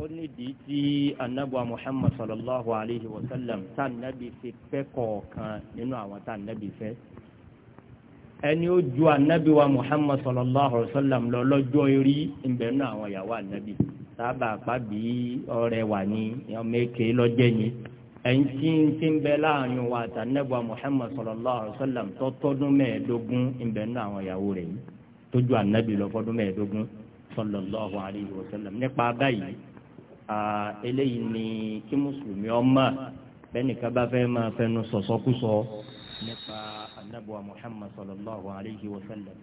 ó nídìí tí anábùa muhammad sallallahu alayhi wa sallam tá nábì fi fẹ́ kọ̀ọ̀kan nínú àwọn tá nábì fẹ́ ẹni ó ju anábì wa muhammad sallallahu alayhi wa sallam lọ lọ́jọ́ orí ìbẹ̀ nínú àwọn ìyàwó anábì sábà pàbí ọ̀rẹ́ wà ní ọmọ èké lọ́jẹ́ yìí ẹ̀ǹtí ti ń bẹ láàrin wa àtànẹ́bù Muhammad sallallahu alaihi wasallam tó tọ́dún mẹ́ẹ̀ẹ́dógún ń àwọn ìyàwó rẹ̀ tó ju ànábì lọ fọ́dún mẹ́ẹ̀ẹ́dógún sallallahu alaihi wasallam nípa báyìí eléyìí ni kí mùsùlùmí ọmọ bẹ́nìkan bá fẹ́ máa fẹnu sọ̀sọ́kúsọ nípa anábọ̀wá Muhammad sallallahu alayhi wa sallam.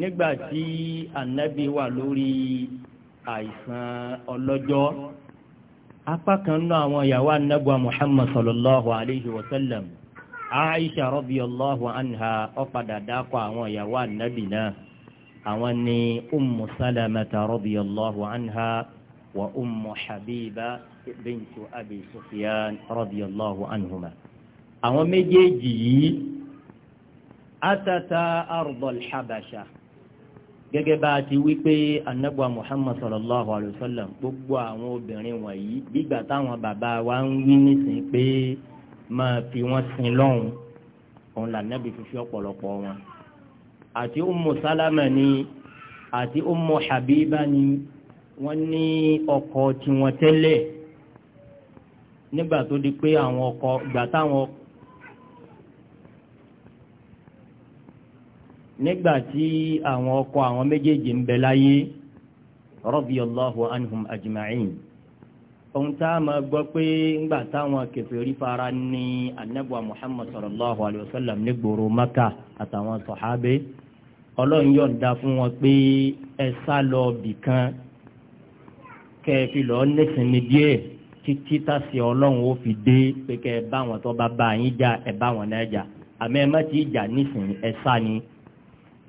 nígbà tí anábì wà lórí àìsàn ọlọ́jọ́ apá kan náà àwọn ìyàwó anábọ̀wá Muhammad sallallahu alayhi wa sallam Aisha radiyallahu anha ó padà dákọ̀ àwọn ìyàwó anábì náà àwọn ni ummu salamata radiyallahu anha wa ummu habiba bintu abi sufyan radiyallahu anhuma àwọn méjèèjì yìí atata ardal habasha gẹ́gẹ́ bá a ti wí pé anagba muhammad sallallahu alayhi wa sallam gbogbo àwọn obìnrin wọ̀nyí gbígbà táwọn bàbá wa ń wí nísìnyí pé máa fi wọ́n sin lọ́hùn òun là nábì fífi ọ̀pọ̀lọpọ̀ wọn àti ummu salama ni àti ummu habiba ni wọ́n ní ọkọ tiwọn tẹ́lẹ̀ nígbà tó di pé àwọn ọkọ gbà táwọn nígbà tí àwọn ọkọ àwọn méjèèjì ń bẹ láyé radiyallahu anhum ajma'in ohun tá a máa gbọ́ pé ńgbà táwọn kèfèrí fara ní anábọ̀ muhammad sallallahu alayhi wa sallam ní maka àtàwọn sọ̀hábẹ́ ọlọ́run yọ̀ǹda fún wọn pé ẹ sá lọ bìkan kẹ ẹ fi lọ́ọ́ nísìnyí díẹ̀ títí tàṣí ọlọ́run ó fi dé pé kẹ ẹ bá wọn tó bá bá yín jà ẹ bá wọn náà jà àmọ́ ẹ má ti jà nísìnyí ẹ sá ni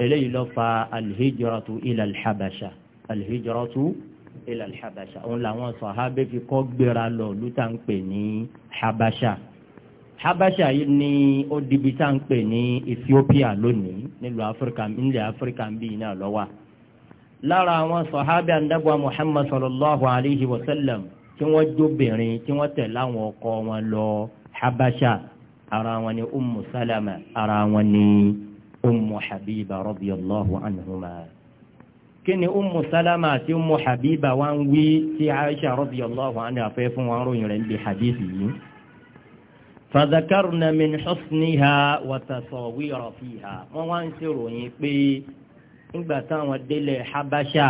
eléyìí ló fa alihijratu ila alhabasha alihijratu ila alhabasha òun làwọn sọ̀hábẹ́ fi kọ́ gbéra lọ lútà ní habasha habasha yìí ni ó dibi tá à ń pè ní ethiopia lónìí nílùú áfíríkà nílẹ̀ áfíríkà ń bí iná lọ́wọ́ lára àwọn sọ̀hábẹ́ àǹdàgbà muhammad sallallahu alayhi wa sallam tí wọ́n jóbìnrin tí wọ́n tẹ̀ láwọn ọkọ wọn lọ habasha ara wọn ni ummu salama ara wọn ni ummu habiba radiyallahu anhuma kí ni ummu salama àti ummu habiba wá wí tí aisha radiyallahu anha fẹ́ fún wọn ròyìn rẹ̀ ń bi hadith yìí fàdàkàrùnà min husniha wàtàsọ̀wìrọ̀ fiha wọ́n wá ń ṣèròyìn pé nígbà táwọn délẹ̀ habasha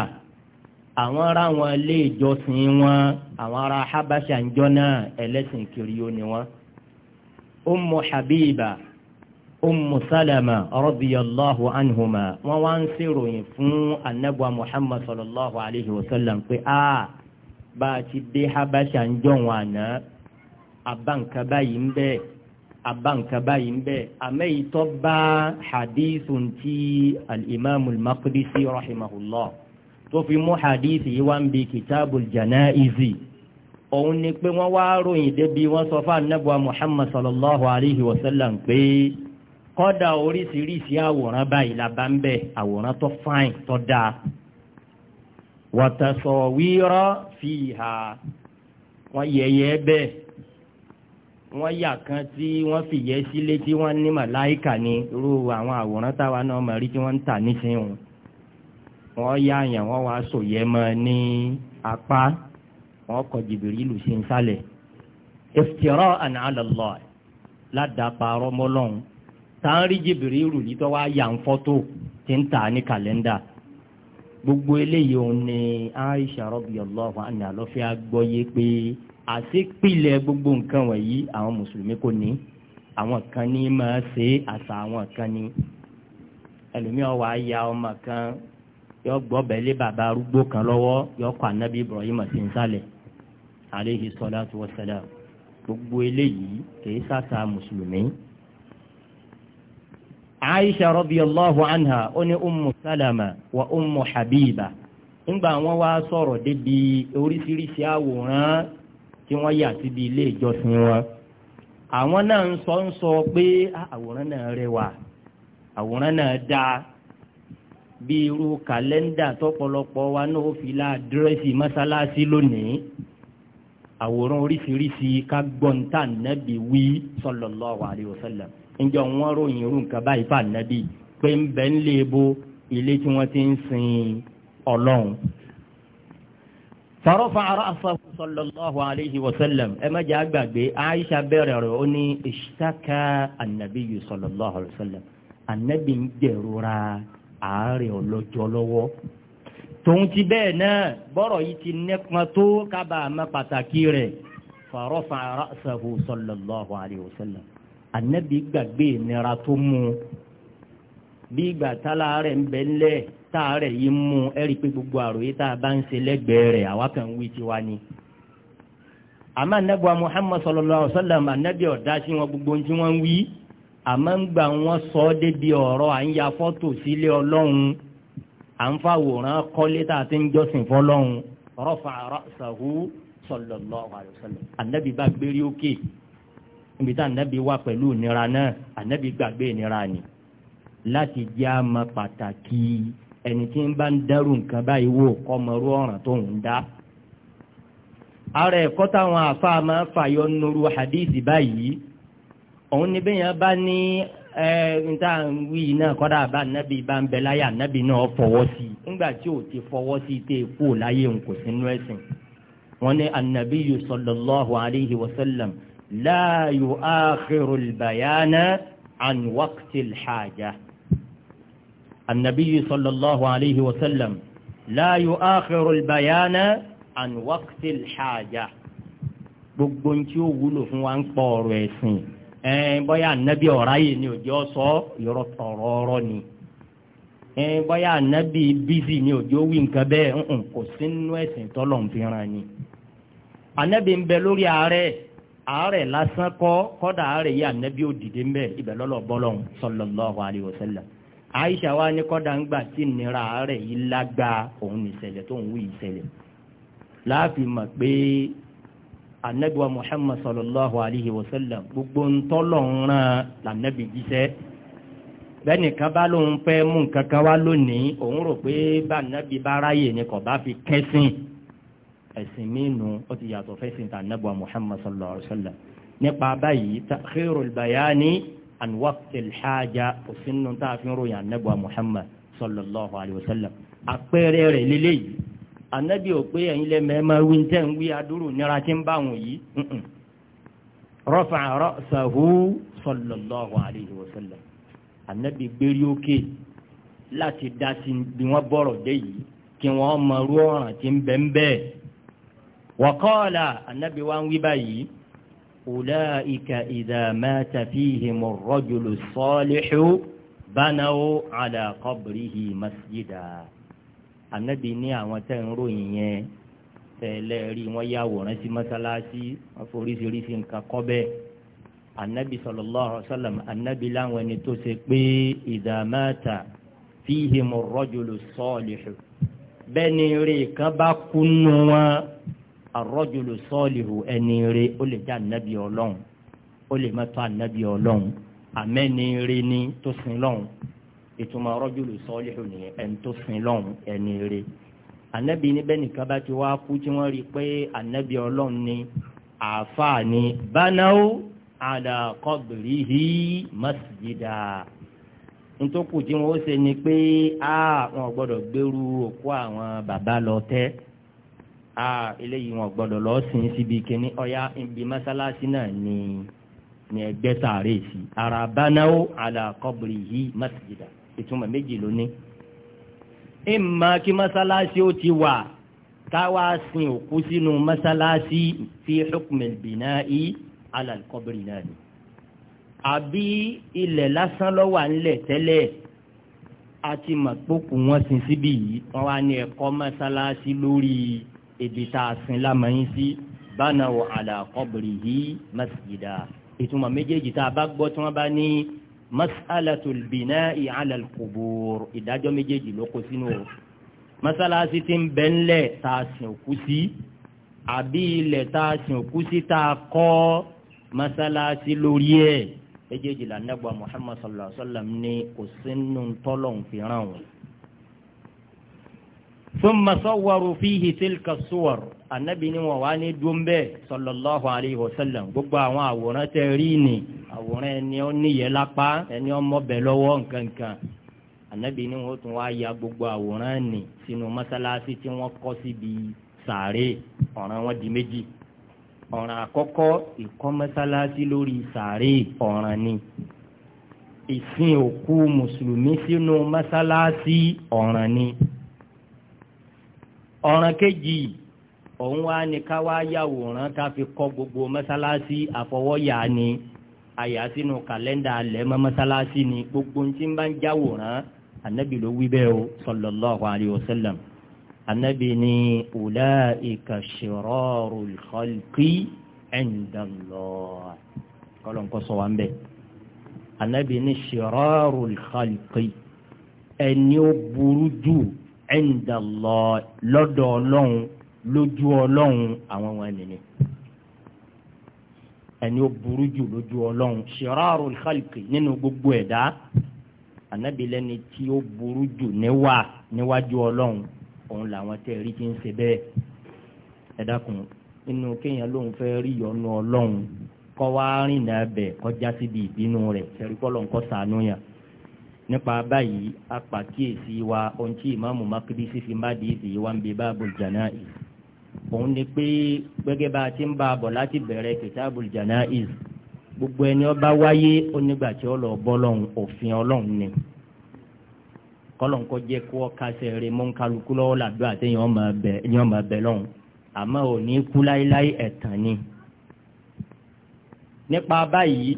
àwọn ará wọn ilé ìjọsìn wọn àwọn ará habasha ń jọ náà ẹlẹ́sìn kiri yóò ní wọn. ummu habiba ummu salama radiyallahu anhuma wọ́n wá ń ṣèròyìn fún anabuwa muhammad sallallahu alayhi wa sallam pé a bá a ti dé habasha ń jọ wọn àná àbáǹkà báyìí ń bẹ àbáǹkà báyìí ń bẹ àmẹ́yìítọ́ bá hadithun ti al-imam al-maqdisi rahimahullah tó fi mú hadithi yìí wá ń bi kitabul janaizi òun ni pé wọ́n wá ròyìn débi wọ́n sọ fún anábùwà muhammad sallallahu alayhi wa sallam pé kọ́dà oríṣiríṣi àwòrán báyìí la bá ń bẹ àwòrán tó fáìn tó dáa wàtàsọ̀wírọ́ fi hà wọ́n yẹ̀yẹ́ bẹ́ẹ̀ wọ́n yà kan tí wọ́n fìyẹ́ sílé tí wọ́n ní màláìkà ni irú àwọn àwòrán táwa náà mọ̀ rí tí wọ́n ń tà nísìnyìí wọ́n yá àyàn wọ́n wá sòyẹ́ mọ́ ní apá wọ́n kọ jìbìrìlù sí nsàlẹ̀ ìfìrọ́ àná àlọ́lọ́ ládàparọ́ mọ́lọ́hún tá ń rí jìbìrìlù yìí tó wá yà ń fọ́tò tí ń tà ní kàlẹ́ndà gbogbo eléyìí òun ni Aisha radiyallahu anha ló fi gbọ́yé pé. àṣepìlẹ̀ gbogbo nǹkan wọ̀nyí àwọn mùsùlùmí kò ní àwọn kan ní máa ṣe àṣà àwọn kan ní ẹlòmíì ọwọ́ aya ọmọ kan yọ gbọ́bẹ̀ lé bàbá arúgbó kan lọ́wọ́ yọ kọ́ ànábì Ibrahim sí nsàlẹ̀ aleyhi salatu wa salam gbogbo eléyìí kìí ṣàṣà mùsùlùmí. Aisha radiyallahu anha ó ní ummu salama wa ummu habiba ńgbà wọn wá sọ̀rọ̀ débi oríṣiríṣi àwòrán tí wọ́n yà síbi ilé ìjọsìn wọn àwọn náà ń sọ ń sọ pé ah, àwòrán náà rẹwà àwòrán náà dáa bí irú kàlẹ́ndà wa náà fi la dírẹ́sì mọ́sálásí lónìí àwòrán oríṣiríṣi ká gbọ́ntà nẹ́bí wí sallallahu alaihi wasallam ǹjọ́ ròyìn irú nǹkan báyìí fà nẹ́bí pé ń ti ń sin farofa ra'sahu sallallahu alayhi wa sallam ẹ má jẹ́ àgbàgbé aisha bẹ̀rẹ̀ rẹ̀ ó ní ishtaka anabiyu sallallahu alayhi wa sallam anabi ń jẹ̀rora àárẹ̀ ọlọ́jọ́ lọ́wọ́ tòun ti bẹ́ẹ̀ náà bọ́rọ̀ yìí ti nípa tó kábàámọ̀ pàtàkì rẹ̀ farofa ra'sahu sallallahu alayhi wa sallam anabi gbàgbé ìnira tó mú bí ìgbà rẹ̀ ń bẹ́ńlẹ̀ táàrẹ̀ yìí mú ẹ̀rí pé gbogbo àròyé tá a bá ń ṣe lẹ́gbẹ̀ẹ́ rẹ̀ àwa wí tiwa ni. àmọ́ anábìwa Muhammad sallallahu alaihi wasallam anábì ọ̀dá sí wọn gbogbo ohun tí wọ́n ń wí àmọ́ ń gbà wọ́n sọ ọ́ débi ọ̀rọ̀ à ń ya fọ́tò sílé ọlọ́run à ń fàwòrán kọ́lé tá a ti ń jọ́sìn fọlọ́run rafa ra'sahu sallallahu alaihi wasallam anábì bá gbérí òkè níbi tá anábì wà pẹ̀lú ìnira náà anábì gbàgbé ìnira ni láti jẹ́ àmọ́ pàtàkì ẹni tí ń bá ń dẹ́rù nǹkan báyìí wò kọ́mọrú ọ̀ràn tó ń dá. ara ẹ̀kọ́ táwọn àáfàá máa ń fàyọ nuru hadith báyìí òun ni bẹ́ẹ̀ yẹn bá ní ẹ níta wí náà kọ́dà bá nábì bá ń bẹ láyà nábì náà fọwọ́ sí i nígbà tí ò ti fọwọ́ sí i tẹ́ ẹ kú láyé òun sínú ẹ̀sìn. wọ́n ní anabiyu sallallahu alayhi wa sallam la yu'akhiru al-bayana an waqti النبي صلى الله عليه وسلم لا يؤخر البيان عن وقت الحاجة gbogbo tí ó wúlò fún wa ń pọ̀ ọ̀rọ̀ ẹ̀sìn ẹn bóyá ànábì ọ̀rá yìí ni òjò sọ yọrọ tọ̀rọ̀ ọ̀rọ̀ ni ẹn bóyá ànábì bízì ni òjò wí nǹkan bẹ́ẹ̀ nǹkan kò sí nínú ẹ̀sìn tọ́lọ̀ ń fìràn ni. ànábì ń bẹ lórí àárẹ̀ àárẹ̀ lásán kọ́ kọ́dà àárẹ̀ yìí ànábì ò dìde ń bẹ̀ ibẹ̀ lọ́lọ́ bọ́lọ́ sallallahu alaihi wasallam Aisha wa ní kọ́dà ń gbà tí nira rẹ̀ yìí lágbá òun ní ìṣẹ̀lẹ̀ tó ń wí ìṣẹ̀lẹ̀ láàfin mọ̀ pé anabiwa Muhammad sallallahu alayhi wa sallam gbogbo ń tọ́lọ̀ ń ràn lànàbì jíṣẹ́ bẹ́ẹ̀ni kan bá lóun fẹ́ mú nǹkan kan wá lónìí òun rò pé bá bá ráyè ni kò bá fi kẹ́sìn ẹ̀sìn mínú ó ti yàtọ̀ fẹ́sìn tà Muhammad sallallahu alaihi wasallam nípa báyìí takhirul bayani an waqtil haja kò sínú tá a fi ń ròyìn anábìwa Muhammad sallallahu alayhi wa sallam àpẹẹrẹ rẹ̀ lélẹ́yìí anábì ò pé ẹ̀yin lẹ́ mẹ́ẹ́má wí ń tẹ́ ń wí adúrú nira tí ń bá wọn yìí rafa'a ra'sahu sallallahu alayhi wa sallam anábì gbérí òkè láti dá sí bí wọ́n bọ̀rọ̀ dé yìí kí wọ́n mọ irú ọ̀ràn tí ń bẹ́ẹ̀ wa qala anábì wa ń أولئك إذا مات فيهم الرجل الصالح بنوا على قبره مسجدا Ànábì ní àwọn tẹ́ ń ròyìn yẹn tẹ́lẹ̀ rí wọ́n yàwòrán sí mọ́sálásí wọ́n foríṣiríṣi nǹkan kọ́ bẹ́ẹ̀ Ànábì sallallahu alaihi wasallam Ànábì láwọn ẹni tó ṣe pé إذا مات فيهم الرجل الصالح bẹ́ẹ̀ ni rí bá kú wọn arọ́jòló sọ́ọ̀lìhù ẹni rẹ ó lè jẹ́ ànábì ọlọ́run ó lè má tó ọlọ́run àmẹ́ni rẹ ni tó sin lọ́run ìtumọ̀ arọ́jòló sọ́ọ̀lìhù ni ẹni tó sin lọ́run ẹni rẹ ànábì níbẹ̀ nìkan bá ti wá kú tí wọ́n rí i pé ànábì ọlọ́run ni àáfàá ni bánáwó àdàkọ́bìrìhì masjidà ntòkù tí wọ́n ṣe ni pé àwọn gbọ́dọ̀ gbèrú òkú àwọn bàbá lọ tẹ́ ah eléyìí wọn gbọ́dọ̀ lọ sin síbi kíní ọyá ibi mọ́sálásí náà ni ni ẹgbẹ́ sàárè sí arabanáwó alakọbìrì yìí masjida ìtumọ̀ méjì lóní. ìmọ̀ kí mọ́sálásí ó ti wà káwá sin òkú sínú mọ́sálásí fi hukmil bina'i alalkọbìrì náà ni. àbí ilẹ̀ lásán ló ńlẹ̀ tẹ́lẹ̀ àti mọ̀pọ̀kù wọn sin síbi yìí wọ́n wá ní ẹ̀kọ́ mọ́sálásí lórí yìí ibi tá a sin lámọ̀yìn sí bánahu ala qabrihi masjida ìtumọ̀ méjèèjì tá a bá gbọ́ tí wọ́n bá ní mas'alatul bina'i ala al-qubur ìdájọ́ méjèèjì ló kó sínú o masalasi ti ń bẹ́ ńlẹ̀ tá a sin òkú sí àbí ilẹ̀ tá a sin òkú sí tá a kọ́ masalasi lórí ẹ̀ méjèèjì là nẹ́gbà Muhammad sallallahu alaihi wasallam ní kò sínú tọ́lọ̀ ń fi thumma sawwaru fihi tilka suwar anabi ni wọn wá ní dúnbẹ́ sallallahu alayhi wa sallam gbogbo àwọn àwòrán tẹ rí ni àwòrán ẹni ó níyẹ lápá ẹni ó mọ́bẹ̀ lọ́wọ́ nkankan anabi ni wọn tún wá ya gbogbo àwòrán ni sínú mọ́sálásí tí wọ́n kọ́ síbi sàárè ọ̀ràn wọn di méjì ọ̀ràn àkọ́kọ́ ìkọ́ mọ́sálásí lórí sàárè ọ̀ràn ni ìsìn òkú mùsùlùmí sínú mọ́sálásí ọ̀ràn ni ọ̀ràn kejì òun wá ní ká wá yàwòrán ká fi kọ́ gbogbo mọ́sálásí àfọwọ́yà ni àyà sínú kàlẹ́ndà lẹ́mọ́ mọ́sálásí ni gbogbo tí ń bá ń jáwòrán anabi ló wí bẹ́ẹ̀ o sallallahu alayhi wa sallam anabi ni ulaika shirarul khalqi inda Allah kọ́lọ̀ nǹkan sọ wá ń bẹ̀ anabi ni shirarul khalqi ẹni ó burú jù ẹ̀ǹdà lọ lọ́dọ̀ ọlọ́run lójú ọlọ́run àwọn wọn nìyẹn ẹni ó burú jù lójú ọlọ́run ṣìrọ́rù xalqi nínú gbogbo ẹ̀dá ànábì lẹ́ni tí ó burú jù níwà níwájú ọlọ́run òun làwọn tẹ́ rí ti ń ṣe bẹ́ẹ̀ ẹ dákun inú kéèyàn lòun fẹ́ rí yọnu ọlọ́run kọ́ wá rìnà bẹ̀ kọjá síbi ìbínú rẹ̀ ṣẹ̀rí kọ́ lọ́n kọ́ sànú yàn nípa báyìí apàkíyèsí wa ohun tí ìmáàmù Makdisi fi má di ìsì wa ń bi Babul Janaiz òun ni pé gbẹ́gẹ́ bá a ti ń bá a bọ̀ láti bẹ̀rẹ̀ Kitabul Janaiz gbogbo ẹni ọba wáyé onígbà tí ó lọ bọ́ lọ́hùn òfin ọlọ́hùn ni kọ́lọ́n kọ́ jẹ́ kó kásẹ̀ rẹ mọ́ ń kálukú làdó àti èèyàn ọmọ ẹbẹ lọ́hùn àmọ́ ò kú láéláé ẹ̀tàn ni. nípa báyìí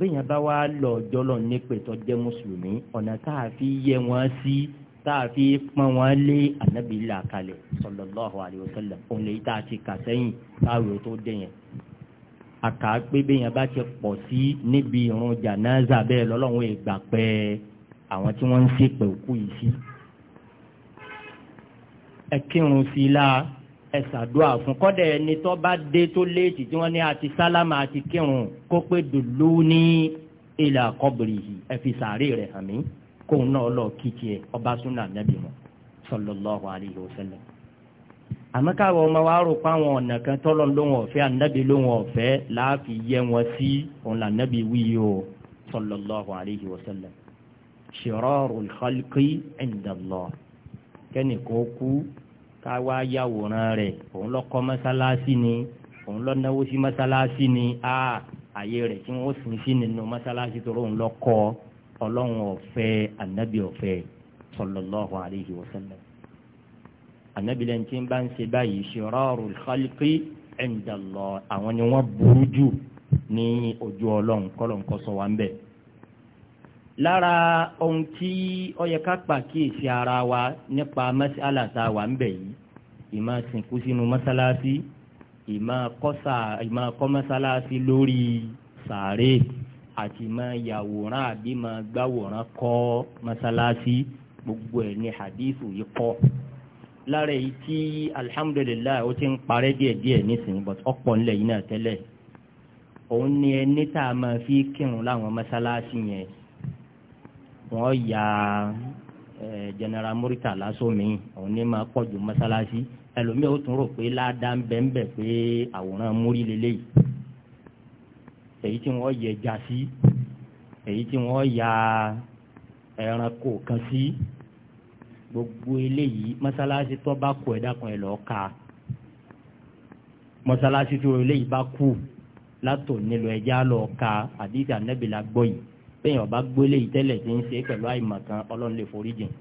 bẹ́yàn bá wá lọ jọlọ nípe tó jẹ́ mùsùlùmí ọ̀nà tá a fi yẹ wọ́n sí tá a fi pọ́n wọ́n lé ànábì là kalẹ̀ sallallahu alaihi wasallam òun lè tá a ti kà sẹ́yìn káwé tó dé yẹn. àkà pé bẹ́yàn bá ti pọ̀ sí níbi ìrun jànáza bẹ́ẹ̀ lọ́lọ́run ìgbà pẹ́ àwọn tí wọ́n ń ṣèpè òkú yìí sí. ẹ kírun sí i láà ẹ ṣàdúrà fún kọ́dà ẹni tó bá dé tó léètì tí wọ́n ní àti sálámà àti kírun kó pé dùlú ní ilà kọ́bìrì yìí ẹ fi sàárè rẹ̀ hàn mí kóun náà lọ kíkì ẹ ọba súnà nẹ́bí mọ́ sallallahu alayhi wa sallam àmọ́ káwọn ọmọ wa rò páwọn ọ̀nà kan tọ́lọ́ lóhùn ọ̀fẹ́ ànábì lóhùn ọ̀fẹ́ láàfin yẹ wọn sí òun là nábì o sallallahu alayhi wa sallam ká wá yàwòrán rẹ̀ òun lọ kọ́ mọ́sálásí ni òun lọ náwó sí mọ́sálásí ni a àyè rẹ̀ tí wọ́n sìn sí nínú mọ́sálásí tó rọ̀ òun lọ kọ́ ọlọ́run ọ̀fẹ́ ànábì ọ̀fẹ́ sallallahu alayhi wa sallam ànábì lẹ́yìn tí ń bá ń ṣe báyìí shirarul khalqi inda Allah àwọn ni wọ́n burú jù ní ojú ọlọ́run kọ́lọ́n kọ́ wa ń bẹ́ẹ̀ lára ohun tí ó yẹ ká pàkíyèsí ara wa nípa mẹ́sàlá tá a wà ń bẹ̀ yìí ìmọ̀ sìnkú sínú mọ́sálásí ìmọ̀ kọ́ mọ́sálásí lórí sàárè àti ìmọ̀ yàwòrán àbí ìmọ̀ gbàwòrán kọ́ mọ́sálásí gbogbo ẹ̀ ní hadithu yìí kọ́ lára èyí tí alhamdulillah ó ti ń parẹ́ díẹ̀díẹ̀ nísìnyí but ọ̀pọ̀ nílẹ̀ yìí náà tẹ́lẹ̀ òun ni ẹni tá a máa fi kírun láwọn mọ́sálásí yẹn wọ́n ya general Muritala sómi òun ní máa pọ̀jù mọ́sálásí ẹlòmíì ó tún rò pé ládàá ń bẹ ń bẹ pé àwòrán múrí lélẹ́yìí èyí tí wọ́n yẹ ẹja sí èyí tí wọ́n ya ẹranko kan sí gbogbo eléyìí mọ́sálásí tó bá kú ẹ̀dá kan ẹ̀ lọ́ọ́ ka mọ́sálásí tó eléyìí bá kú látò nílò ẹja lọ́ọ́ ka àdìsí ànábìlà gbọ́ yìí bẹ́yìn ọba gbélé ìtẹ́lẹ̀ tí ń ṣe pẹ̀lú àìmọ̀kan ọlọ́run lè forí jìn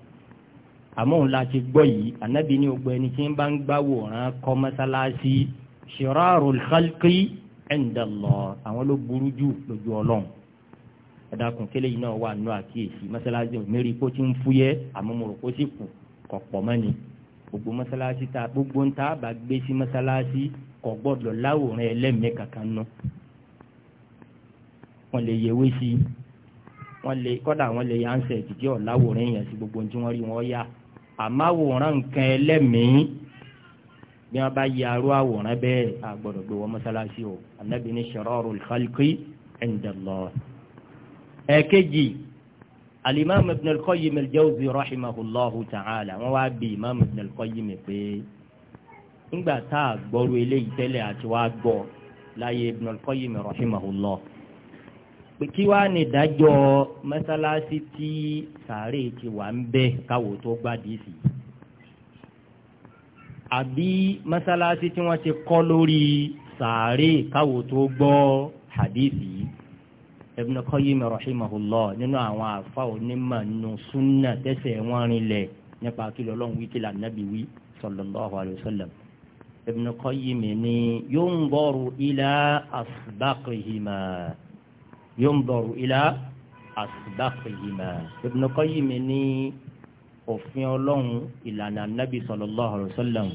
àmọ́ òun la ti gbọ́ yìí ànábì ní ogbó ẹni tí ń bá ń gbáwòrán kọ́ mọ́sálásí shirarul khalqi inda Allah àwọn ló burú jù lójú ọlọ́run ẹ̀dàkùn kélé yìí náà wà nù àkíyèsí mọ́sálásí ò mérí kó ti ń fúyẹ́ àmọ́ mo rò kó sì kù kọ̀ pọ̀ mọ́ ni gbogbo mọ́sálásí ta gbogbo ń bá gbé sí mọ́sálásí kọ̀ gbọ́dọ̀ láwòrán ẹlẹ́mìí kankan náà wọ́n lè yẹwé sí i wọ́n lè kọ́dà wọ́n lè yánsẹ̀ ìdíje ọ̀làwòrán èèyàn sí gbogbo tí wọ́n rí wọn yá àmọ́ àwòrán nǹkan ẹlẹ́mìí bí wọ́n bá yẹ arú àwòrán bẹ́ẹ̀ àgbọ̀dọ̀ gbé wọn mọ́sálásí o Ànábì ní shararul khalqi indallah. ẹ̀ẹ́kejì alimami ibn al-Qayyim al-Jawzi rahimahullahu ta'ala wọ́n wá bí imami ibn al-Qayyim pé ńgbà tá a gbọ́rú eléyìí tẹ́lẹ̀ àti wá gbọ́ láyé ibn qayyim rahimahullahu pé kí wá ní ìdájọ́ mọ́sálásí tí sàárè ti wà ń bẹ káwò tó gbádìí sí àbí mọ́sálásí tí wọ́n ti kọ́ lórí sàárè káwò tó gbọ́ hadithi Ibn Qayyim rahimahullah nínú àwọn àfa onímọ̀ nínú súnà tẹ́sẹ̀ wọn rinlẹ̀ nípa kí lọ́lọ́run wí kí lànàbí wí sallallahu alayhi wa sallam Ibn Qayyim ni yunzaru ila asbaqihima yunzaru ila asbaqihima Ibn Qayyim ní òfin ọlọ́run ìlànà nábì sallallahu alaihi wasallam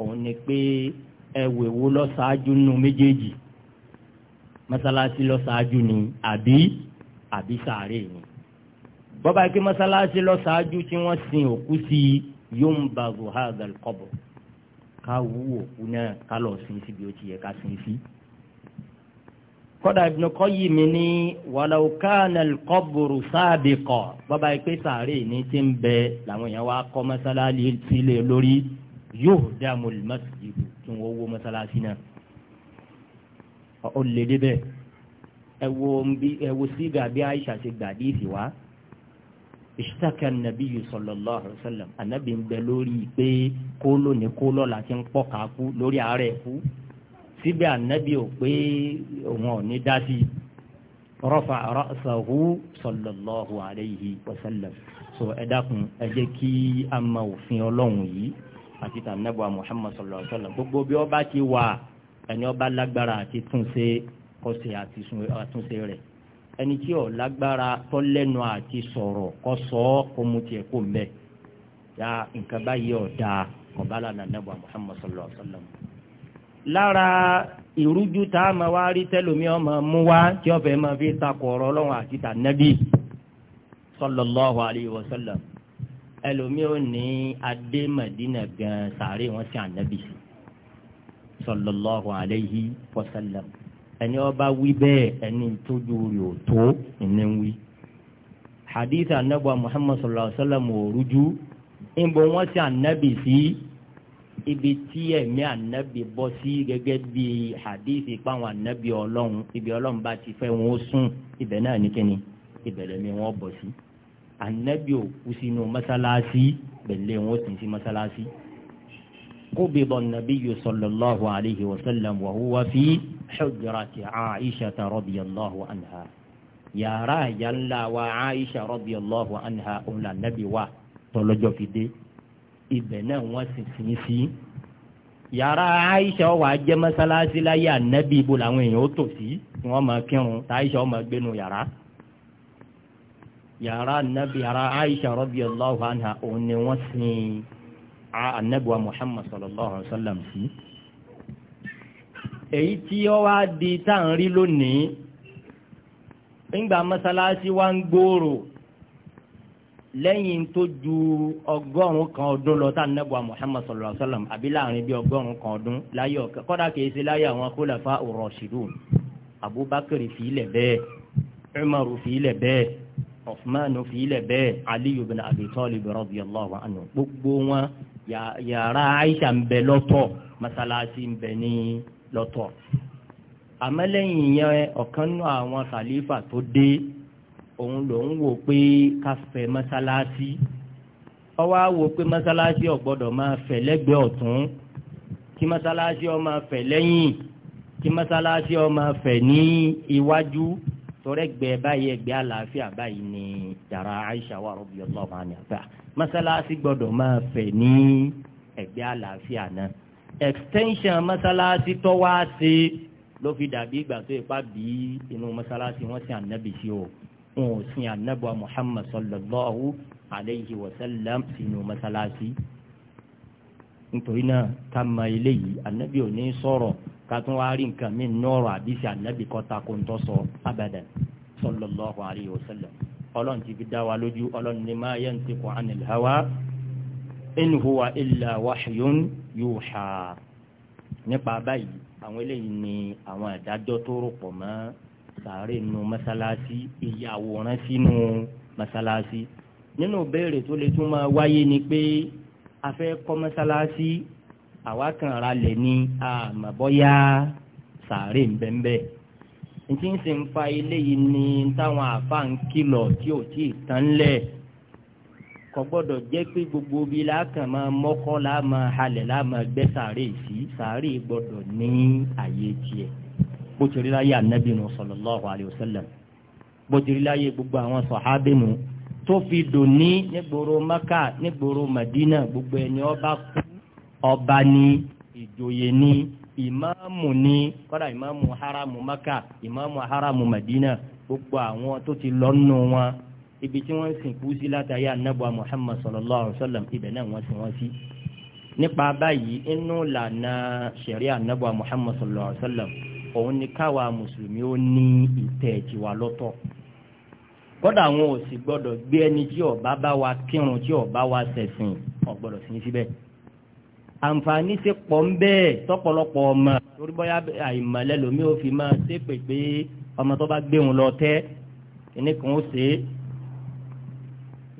òun ni pé ẹwẹ̀ wo lọ ṣáájú nù méjèèjì mọ́sálásí lọ ṣáájú ni àbí àbí sàárè ni bọ́bá kí mọ́sálásí lọ ṣáájú tí wọ́n sin òkú sí yunbaru hadha al ká wú òkú náà ká lọ sin síbi ó ti yẹ ká sin sí. Si kọ́dà Ibn Qayyim ní walau kana al-qabru sabiqa bọ́bá yìí pé sàárè ní ti ń bẹ làwọn èèyàn wá kọ́ mọ́sálásí sílẹ̀ lórí yuhdamu al-masjid tí wọ́n wó mọ́sálásí náà ó lè débẹ̀ ẹ wo ẹ wo sígà bí Aisha ṣe gbàdí ìfìwá ìṣítàkà nàbí yìí sallallahu alaihi wasallam ànábì ń bẹ lórí pé kóló ní kóló làti ń pọ̀ káàkú lórí àárẹ̀ kú síbẹ̀ ànábì ò pé òun ò ní dá sí rọ́fà ra'sahu sallallahu alayhi wa so ẹ dákun ẹ jẹ́ kí a mọ òfin ọlọ́run yìí àti tànàbà Muhammad sallallahu alayhi wa sallam gbogbo bí ọba ti wà ẹni ọba lágbára àti túnṣe kọsẹ̀ àti àtúnṣe rẹ̀ ẹni tí ò lágbára tọ́lẹ́nu àti sọ̀rọ̀ kọ́ sọ ọ́ kó mu tiẹ̀ kó mbẹ́ ya nǹkan báyìí ọ̀ dáa ọ̀bá lànà nàbà Muhammad sallallahu lára ìrújú tá a máa wá rí tẹ́lómi ọmọ mú wá tí ọ̀fẹ́ máa fi takò ọ̀rọ̀ ọlọ́run àti tànẹ́bí sallallahu alayhi wa sallam ẹlòmí ò ní adé màdínà gan sàárè wọn sí ànẹ́bí sallallahu alayhi wa sallam ẹni ọba wí bẹ́ẹ̀ ẹni tójú rẹ̀ ò tó ẹni wí hadith anabu muhammad sallallahu alayhi wa sallam ò rújú ìbò wọn sí ànẹ́bí sí ibi tí ẹ̀mí ànábì bọ́ sí gẹ́gẹ́ bí hadith ìpáwọn ànábì ọlọ́run ibi ọlọ́run bá ti fẹ́ wọn ó sùn ibẹ̀ náà ní kíni ìbẹ̀rẹ̀ mi wọ́n bọ̀ sí ànábì ò kú sínú mọ́sálásí pẹ̀lẹ́ wọn ó sìn sí mọ́sálásí. قبض النبي صلى الله عليه وسلم وهو في حجرة عائشة رضي الله عنها yàrá ìyá ńlá wa Aisha radiyallahu anha òun là nẹ́bí wa tọ́lọ́jọ́ fi dé ibẹ̀ náà wọ́n sì sin sí yàrá Aisha wà jẹ́ mọ́sálásí láyé ànábì ibo làwọn èèyàn ó tò sí tí wọ́n máa kírun tá Aisha ó máa yàrá yàrá ànábì yàrá Aisha radiyallahu anha òun ni wọ́n sin ànábì wa Muhammad sallallahu alaihi wa sallam sí. èyí tí ó wá di tá à ń rí lónìí nígbà mọ́sálásí wá ń gbòòrò lẹ́yìn tó ju ọgọ́rùn-ún kan ọdún lọ tá a nẹ́bùa Muhammad sallallahu alayhi wa sallam àbí láàrin bí ọgọ́rùn-ún kan ọdún láyé ọ̀kẹ́ kọ́dà kìí ṣe láyé àwọn khulafa ar-rashidun Abubakar fi ilẹ̀ bẹ́ẹ̀ Umar fi ilẹ̀ bẹ́ẹ̀ Uthman fi ilẹ̀ bẹ́ẹ̀ Ali ibn Abi Talib radiyallahu anhu gbogbo wọn yàrá Aisha ń bẹ lọ́tọ̀ masalasi ń bẹ ní lọ́tọ̀ àmọ́ yẹn ọ̀kan nù àwọn khalifa tó dé òun lòun wò pé káfẹ́ mọ́sálásí ọwọ́ á wò pé mọ́sálásí ọ̀gbọ́dọ̀ máa fẹ̀ lẹ́gbẹ̀ẹ́ ọ̀tún kí mọ́sálásí ó máa fẹ̀ lẹ́yìn kí mọ́sálásí ó máa fẹ̀ ní iwájú tọrẹgbẹ báyìí ẹgbẹ àlàáfíà báyìí ni yàrá Aisha wa rọbì ọlọ́run àná àgbà mọ́sálásí gbọ́dọ̀ máa fẹ̀ ní ẹgbẹ àlàáfíà náà extension mọ́sálásí tó wá sí ló fi dàbí ìgbà tó ipá bí inú mọ́sálásí wọ́n sì ànábì sí o wọn ò sin anabu muhammad sallallahu alayhi wa sallam sínú masalasi nítorí náà ká ma eléyìí anabi ò ní sọ̀rọ̀ ká tún wá rí nǹkan mi nọrọ àdìsí anabi kọta kó ń tọ sọ abadan sallallahu alayhi wa sallam ọlọ́run ti fi dá wa lójú ọlọ́run ní máa yantiqu anil hawa in huwa illa wahyun yuha nípa báyìí àwọn eléyìí ni àwọn àdájọ́ tó rò pọ̀ mọ́ sàárè nu masalasi iye àwòrán sínú masalasi nínú béèrè tó lè tún máa wáyé ni pé a fẹ́ kọ́ mọ́sálásí àwa kan ara lẹ̀ ní àmàbọ́yá sàárè ńbẹ́ńbẹ́ ntí ń sì ń fa ilé yìí ni táwọn àfa ń kìlọ̀ tí ò tí ì tán lẹ̀ kò gbọ́dọ̀ jẹ́ pé gbogbo bí lákàn máa mọ́kọ́ láà máa halẹ̀ láà gbẹ́ sàárè sí sàárè gbọ́dọ̀ ní àyè tiẹ̀ bó ti rí láyé ànábì nù sallallahu alayhi wa sallam bó ti rí láyé gbogbo àwọn sọ̀hábì nù tó fi dòní nígboro maka nígboro madina gbogbo ẹni ọba kú ọba ní ìjòyè ní ìmáàmù ní kọ́dà ìmáàmù haramu maka ìmáàmù haramu madina gbogbo àwọn tó ti lọ́nù wọn ibi tí wọ́n sìn kú sí látàrí anábọ̀ muhammad sallallahu alayhi ibẹ̀ náà wọ́n sìn wọ́n sí. nípa báyìí inú lànà ṣẹ̀rí anábọ̀ muhammad sallallahu alayhi òun ni káwa mùsùlùmí ó ní ìtẹ̀ tiwa lọ́tọ̀ kódà àwọn ò gbọ́dọ̀ gbé ẹni tí ọba bá wa kírun tí ọba wa ṣẹ̀sìn ọ̀gbọ́dọ̀ sí síbẹ̀ àǹfààní ṣe pọ̀ ń bẹ́ẹ̀ tọ́pọ̀lọpọ̀ ọmọ torí bọ́yá àìmọ̀lẹ́ lomi ò fi máa ṣe pè pé ọmọ tó bá gbé òun lọ tẹ́ ẹni kan ó ṣe é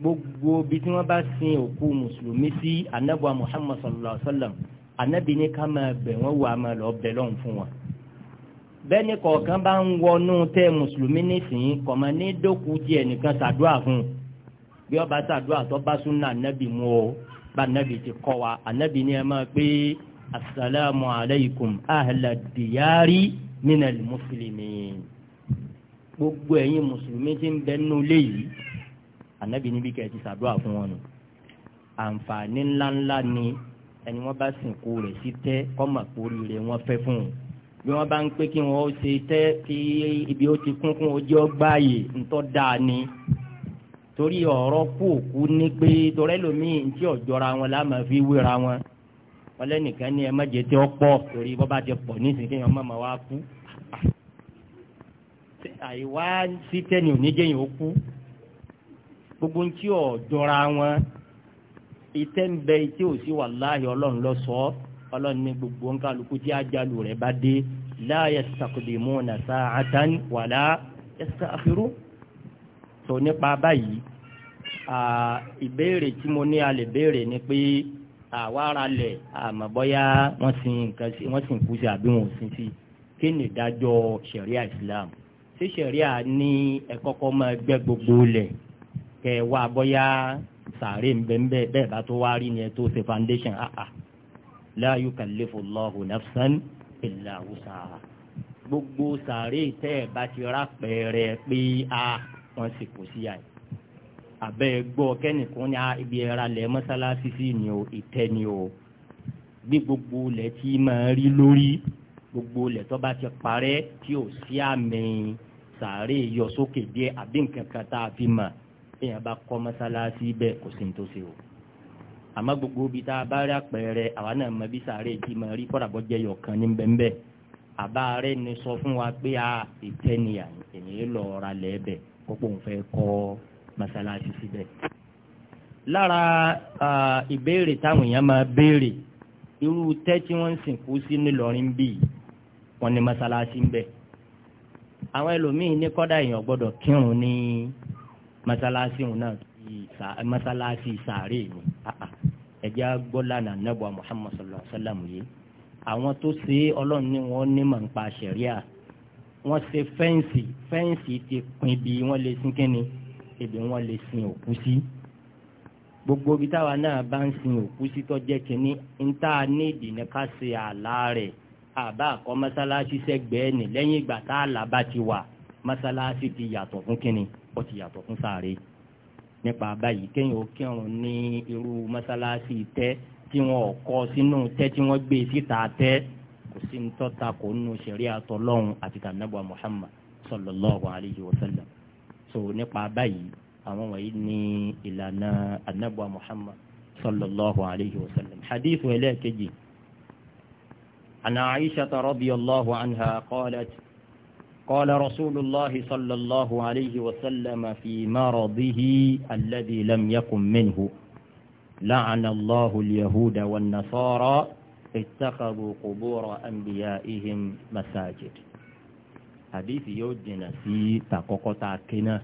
gbogbo bí tí wọ́n bá sin òkú mùsùlùmí sí anábọ̀ Muhammad sallallahu alaihi wa sallam anábì ní ká máa bẹ̀ wọ́n wà máa bẹ̀ lọ́hùn fún wọn bẹ́ẹ̀ni kọ̀ọ̀kan bá ń wọnú tẹ́ mùsùlùmí nísìnyí kọ̀mọ ní dókú tiẹ̀ nìkan ṣàdúrà fún un bí ọba ṣàdúrà tó bá súnà ànábì mu o bá ànábì ti kọ́ wa ànábì ni ẹ máa pé asalaamu alaykum ahla diyaari minal muslimin gbogbo ẹ̀yin mùsùlùmí ti ń bẹ nínú ilé yìí ànábì níbi kẹ́ ẹ ti ṣàdúrà fún wọn nù àǹfààní ńláńlá ni ẹni wọ́n bá sìnkú rẹ̀ sí tẹ́ kọ́mọ̀kórìí rẹ̀ wọ́n fẹ́ fún un bí wọ́n bá ń pé kí wọ́n ṣe tẹ́ tí ibi ó ti kún kún ojú ọgbà yìí ńtọ́ dáa ni torí ọ̀rọ̀ kú òkú ní pé torẹ́ lómiì ń tí ọ̀jọ́ra wọn láàmà fi wéra wọn wọn lẹ́nìkan ní ẹ má jẹ tí ó pọ̀ torí bọ́ bá ti pọ̀ nísìnyí kí wọ́n má má kú àìwá sí tẹ́ni oníjẹ́yìn ó kú gbogbo ń tí ọ̀jọ́ra wọn ìtẹ́ ń bẹ tí ò sí wàláhì ọlọ́run lọ sọ ọ́ ọlọ́run ní gbogbo ń kálukú tí àjálù rẹ̀ bá dé la yastaqdimuna sa'atan wala yasta'khirun tó nípa báyìí ìbéèrè tí mo ní a lè béèrè ni pé àwárà lẹ̀ àmọ́ bọ́yá wọ́n sì nǹkan sí wọ́n sì ń kú sí àbí wọn ò sí sí kí ni ìdájọ́ ṣẹ̀ríà Islam ṣé ṣẹ̀ríà ní ẹ kọ́kọ́ máa gbogbo lẹ̀ kẹ bọ́yá sàárè ń bẹ́ẹ̀ bá tó wá rí ni ẹ tó ṣe foundation ah ah la yukallifu Allahu nafsan illa wusaha gbogbo sàárè tẹ́ ẹ̀ bá ti rà pẹ̀rẹ̀ pé a wọ́n sì kò sí àyè àbẹ́ gbọ́ kẹ́nìkan ní ibi ẹ̀ra lẹ̀ mọ́sálásí sí ni o ìtẹ́ ni o bí gbogbo lẹ̀ tí máa rí lórí gbogbo lẹ̀ tó bá ti parẹ́ tí ò sí àmì sàárè yọ sókè díẹ̀ àbí nǹkan kan tá a fi mọ̀ èèyàn bá kọ́ mọ́sálásí bẹ́ẹ̀ kò sí ní tó ṣe o àmọ́ gbogbo ibi tá a bá rí àpẹẹrẹ àwa náà mọ bí sáré ìdí mọ rí fọ́dàbọ̀ jẹyọ kan ní bẹ́ńbẹ́ àbá rẹ̀ ni sọ fún wa pé a ìtẹ́niyà èyí lọ ra lẹ́ẹ̀bẹ̀ kókó ń fẹ́ kọ́ mọ́sálásí síbẹ̀. lára ìbéèrè táwọn èèyàn máa béèrè irú tẹ́ tí wọ́n ń sìnkú sí nílọrin bíi wọ́n ní mọ́sálásí ń bẹ̀. àwọn ẹlòmíín ní kọ́dà èèyàn gbọ́dọ̀ kírun ní mọ́sálásí náà mọ́sálásí sàárè ni ẹ̀já gbọ́lá nà nẹ́bọ̀ Muhammad sallallahu alaihi wasallam yìí àwọn tó ṣe ọlọ́run ní wọ́n ní mọ̀ nípa ṣẹ̀ríà wọ́n ṣe fẹ́ǹsì fẹ́ǹsì ti pin bí wọ́n lè sin kíni ibi wọ́n lè sin òkú sí gbogbo ibi táwa náà bá ń sin òkú sí tó jẹ́ kíní ń tá a ní ìdìní ká ṣe àlá rẹ̀ àbá àkọ́ mọ́sálásí sẹ́gbẹ̀ẹ́ nì lẹ́yìn ìgbà tá àlá bá ti wà mọ́sálásí ti yàtọ̀ fún kíni ó ti yàtọ̀ fún sáré nípa báyìí kéèyàn ó kírun ní irú mọ́sálásí tẹ́ tí wọ́n kọ́ sínú tẹ́ tí wọ́n gbé síta tẹ́ kò sí ní tọ́ta kò nínú ṣẹ̀rí àtọ́lọ́hún àti tànàbọ̀ Muhammad sallallahu alayhi wa so nípa báyìí àwọn wọ̀nyí ní ìlànà ànàbọ̀ Muhammad sallallahu alayhi wa hadith wẹ̀lẹ́ kejì. عن عائشة رضي الله عنها قالت قال رسول الله صلى الله عليه وسلم في مرضه الذي لم يكن منه لعن الله اليهود والنصارى اتخذوا قبور أنبيائهم مساجد حديث يوجنا في تقوقة كنا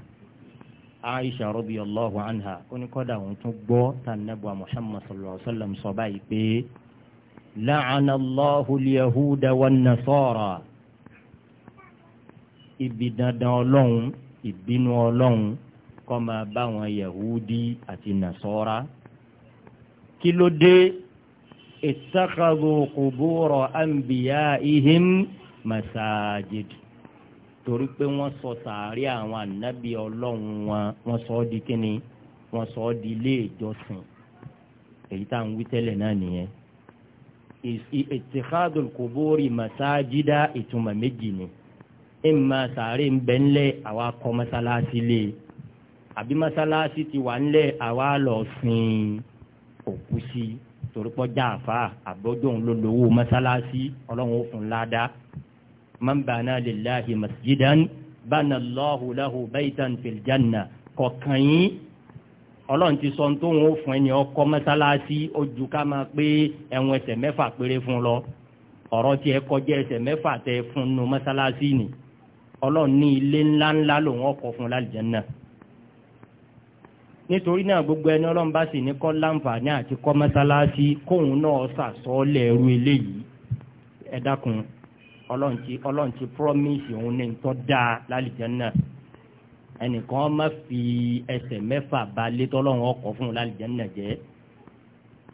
عائشة رضي الله عنها كن قد انتبو تنبو محمد صلى الله عليه وسلم صبايبي لعن الله اليهود والنصارى ibi dandan ọlọ́run ìbínú ọlọ́run kọ́ máa bá wọn yahudi àti nasọ́ra kí ló dé ittakhadhu qubura anbiyaihim masajid torí pé wọ́n sọ sàárì àwọn ànábì ọlọ́run wọn wọ́n sọ ọ́ di kíni wọ́n sọ ọ́ di ilé ìjọsìn èyí tá à ń wí tẹ́lẹ̀ náà nìyẹn ittakhadhu quburi masajida ìtumọ̀ méjì ni ìmọ̀ sàárè ń bẹ ńlẹ̀ àwa kọ́ mọ́sálásí lé àbí mọ́sálásí ti wà ńlẹ̀ àwa lọ sin òkú sí torípọ̀ jáfa àbọ́jọ́ ń lo lówó ó fún ládàá man bana lillahi masjidan bana Allahu lahu baytan fil janna kọ̀ọ̀kan yín ọlọ́run ti sọ tó ń fún ẹni ọkọ mọ́sálásí ojú ká máa pé ẹ̀wọ̀n ẹsẹ̀ mẹ́fà péré fún lọ ọ̀rọ̀ tiẹ̀ kọjá ẹsẹ̀ mẹ́fà tẹ fún nu mọ́sálásí ni ọlọ́run ní ilé ńláńlá lòun ọkọ̀ fún lálìjẹ́nà nítorí náà gbogbo ẹni ọlọ́run bá sì ní kọ́ láǹfààní àti kọ́ mọ́sálásí kóun náà sàsọ́ọ́lẹ̀ ẹrú eléyìí ẹ dákun ọlọ́run ti ọlọ́run ti promise òun ní tó dáa lálìjẹ́nà ẹnìkan má fi ẹsẹ̀ mẹ́fà ba létọ́ ọlọ́run ọkọ̀ fún lálìjẹ́nà jẹ́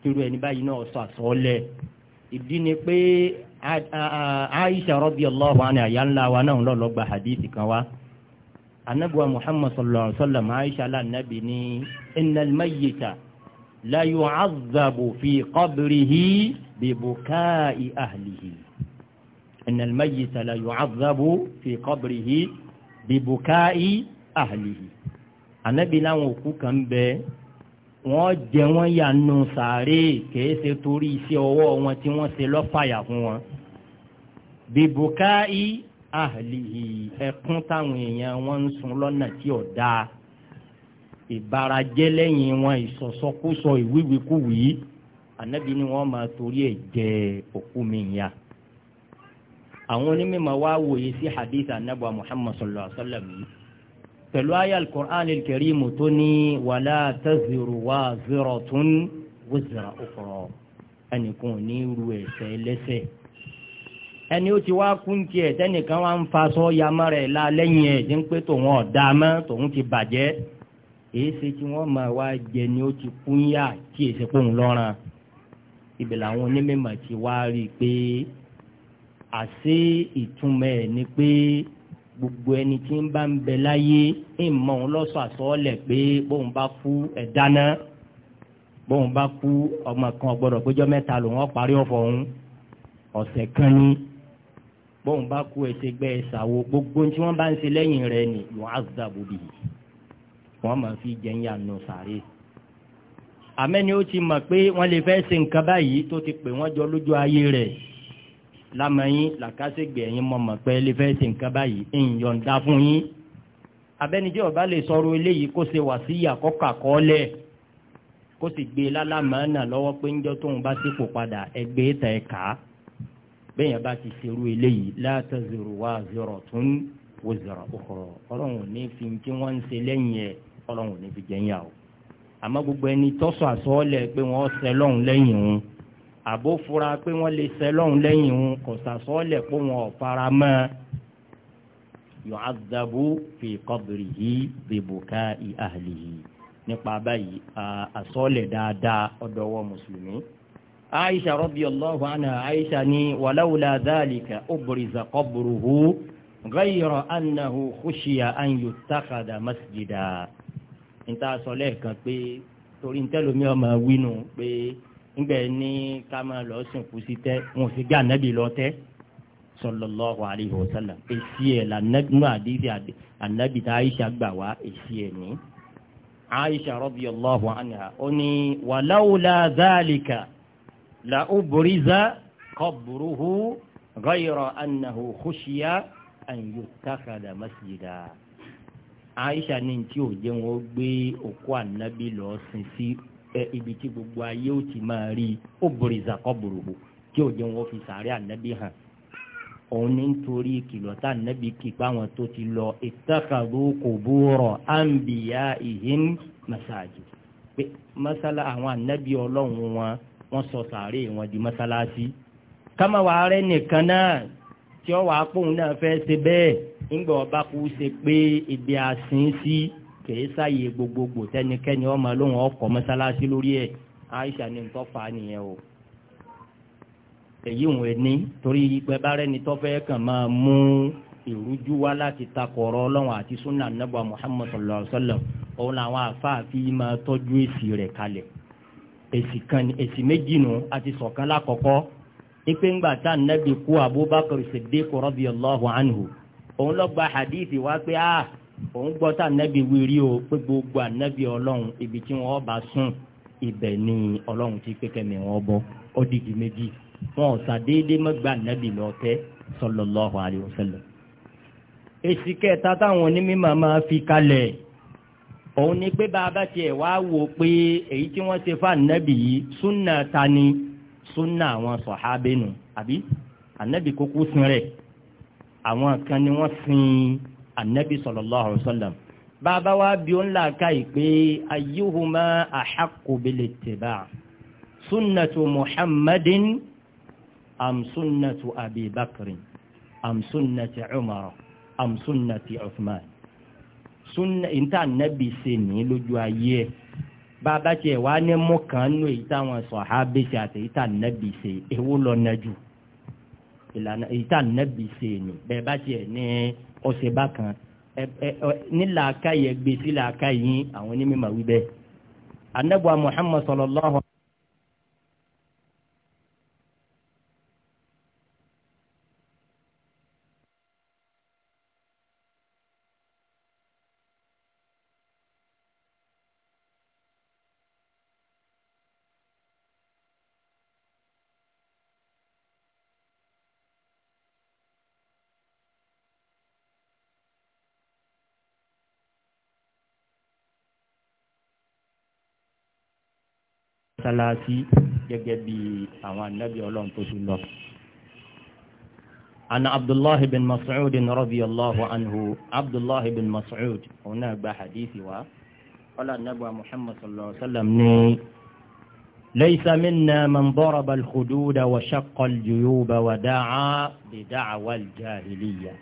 tírú ẹni báyìí náà sàsọ́ọ́lẹ̀ ìdí ni pé aisha radiyallahu anha àyà ńlá wa náà lọ́lọ́ gba hadithi kan wa anabuwa muhammad sallallahu alaihi wa sallam aisha la nabi ni innal mayyita la yu'adhabu fi qabrihi bi bukai ahlihi innal mayyita la yu'adhabu fi qabrihi bi bukai ahlihi anabi láwọn òkú kan bẹ́ẹ̀ wọ́n jẹ wọ́n yànú sàárè kìí ṣe torí iṣẹ́ ọwọ́ wọn tí wọ́n ṣe lọ́fàyà fún wọn. bìbùkáì àhàlìhì ẹkún táwọn èèyàn wọn ń sun lọ́nà tí ò dáa ìbarajẹ́ lẹ́yìn wọn ìsọ̀sọ́kúsọ ìwíwíkúwìí ànábì ni wọ́n máa torí ẹ̀ jẹ òkú mi yá. àwọn onímọ̀ wa wòye sí hadith anábọ̀ muhammad sallallahu alayhi wa sallam pẹ̀lú àyà alukur'an kẹrìmù tó ní wàlá taziru wa ziratun wizra ukhra ẹnìkan ò ní ru ẹ̀ṣẹ̀ lẹ́ṣẹ̀ ẹni ó ti wá kún tiẹ̀ tẹ́nìkan wá ń fa sọ yamọ́ rẹ̀ la lẹ́yìn ẹ̀ dín pé tòun ọ̀dà tòun ti bàjẹ́ èyí ṣe tí wọ́n máa wá jẹ ni ó ti kún yá tí èsì pòun lọ́ràn ibẹ̀ làwọn onímọ̀ ti wá rí i pé àṣé ìtumọ̀ ẹ̀ ni pé gbogbo ẹni tí ń bá ń bẹ láyé ń mọ òun lọ́sọ̀ àsọ́ọ́lẹ̀ pé bóun bá kú ẹ̀dáná bóun bá kú ọmọ kan gbọ́dọ̀ péjọ́ mẹ́ta lòun ó parí ọ̀fọ̀ òun ọ̀sẹ̀ kan ní bóun bá kú ẹsẹ̀ ẹ̀sàwó gbogbo tí wọ́n bá ń ṣe lẹ́yìn rẹ̀ ni wọ́n á zàbò bì í wọ́n máa fi jẹun yànnú sàárè. àmẹ́ni ó ti mọ̀ pé wọ́n lè fẹ́ ṣe nǹkan báyìí tó ti pè wọ́n jọ lójú ayé rẹ̀ lámàyín làkàṣègbè ẹ̀yìn mọ̀mọ̀ pé ilé fẹ́ ṣe nǹkan báyìí ń ba le yín abẹ́nijẹ́ ọba lè sọ̀rọ̀ eléyìí kó ṣe wà sí àkọ́kọ́ àkọọ́lẹ̀ kó sì gbé lálàmánà lọ́wọ́ pé ń jọ́ tóun bá sípò padà ẹgbẹ́ tẹ̀ ká bẹ́yẹn bá ti ṣerú eléyìí láti zèrò wá zèrò tún wò zèrò òkòrò ọlọ́run ò ní fi tí wọ́n ń ṣe lẹ́yìn ẹ̀ ọlọ́run ò ní fi jẹ́yìn àwọ̀ àmọ́ gbogbo ẹni tọ́sọ̀ àsọ́ọ́lẹ̀ pé wọ́n ṣẹlọ́run lẹ́yìn òun àbó fura pé wọ́n lè sẹ́ lọ́hùn lẹ́yìn òun kò sàsọ́ọ́lẹ̀ pé wọn ò fara mọ́ ẹ yu'adhabu fi qabrihi bi bukai ahlihi nípa báyìí àsọ́ọ́lẹ̀ dáadáa ọ̀dọ́wọ́ mùsùlùmí. Aisha radiyallahu anha Aisha ni walawla dhalika ubriza qabruhu ghayra annahu khushiya an yuttakhadha masjida. níta sọ lẹ́ẹ̀kan pé torí ń tẹ́lómi ọmọ wínú pé ńgbẹ ní ká máa lọ sìnkú sí tẹ wọn sì gbé ànábì lọ tẹ sallallahu alaihi wasallam èsì ẹ lànàbínú àdéhìí ànábì tá Aisha gbà wá èsì ẹ ní. Aisha radiyallahu anha ó ní wàláwùlà zálìkà la ubriza qabruhu ghayra annahu khushiya an yutakhada masjida. Aisha ní tí ò jẹun ó gbé òkú ànábì lọ sin sí ibi tí gbogbo ayé ó ti máa rí ó borí ìzàkọ́ bòròbò tí ò jẹun wọ́n fi sàárẹ̀ ànábì hàn òun ní nítorí ìkìlọ̀ tá ànábì kì páwọn tó ti lọ ittakhadhu qubura anbiya'ihim masajid pé masala àwọn ànábì ọlọ́run wọn wọ́n sọ sàárẹ̀ wọn di masalasi kama wàá rẹ nìkan náà tí ọ wàá pòun náà fẹ́ ṣe bẹ́ẹ̀ ńgbà ọba kú ṣe pé ibi àsìn sí. Si kèé sáyè gbogbogbò tẹnikẹ́ni ọmọ lóun ọkọ̀ mọ́sálásí lórí ẹ̀ Aisha ni ń tọ́fà nìyẹn o èyí òun n'i torí ipẹ bá rẹni tọ́fẹ́ kàn máa mú ìrújú wá láti àti sunnah nebà Muhammad sallallahu alaihi wa sallam òun làwọn fi máa tọ́jú èsì rẹ kalẹ èsì kan èsì méjì nù àti ipe ńgbà tá anhu òun lọ gba hadithi wá pé ah òun gbọ́ tá ànábì wírí o pé gbogbo ànábì ọlọ́run ibi tí wọ́n bá sùn ibẹ̀ ni ọlọ́run ti pé kẹ́mi wọn bọ́ ó dìgì méjì wọn ò sàdéédé mọ́gbà ànábì lọ tẹ́ sallallahu alaihi wasallam. èsì kẹta táwọn onímọ̀ máa fi kalẹ̀ òun ni pé bá a bá tiẹ̀ wá wò pé èyí tí wọ́n ṣe fún ànábì yìí súnà ta ni súnà àwọn sọ̀hábẹ́nu àbí ànábì kókó sin rẹ̀ àwọn kan ni wọ́n sin anabi sallallahu alaihi wasallam bàbá wa bí ó ń là ká ìpè ayyuhuma ahaqqu bil ittiba' sunnatu muhammadin am sunnatu abi bakrin am sunnati umar am sunnati uthman sunna ìta anabi ṣe ní lójú ayé ẹ̀ bàbá tiẹ̀ wá ní mú kan nù èyí táwọn sọ̀hábí ṣe àti èyí tá nẹ́bì ṣe èwo lọ nẹ́jù ìlànà èyí tá nẹ́bì ṣe nù bẹ́ẹ̀ bá ọ̀sẹ̀ bákan nílàáká yẹ gbé sí làáká yín àwọn onímọ̀ wí bẹ́ẹ̀. anábọ̀ Muhammad sallallahu mọ́sálásí gẹ́gẹ́ bí àwọn ànábì ọlọ́run tó ti lọ. عن عبد الله بن مسعود رضي الله عنه عبد الله بن مسعود هنا بحديث و قال النبي محمد صلى الله عليه وسلم ني ليس منا من ضرب الخدود وشق الجيوب ودعا بدعوى الجاهليه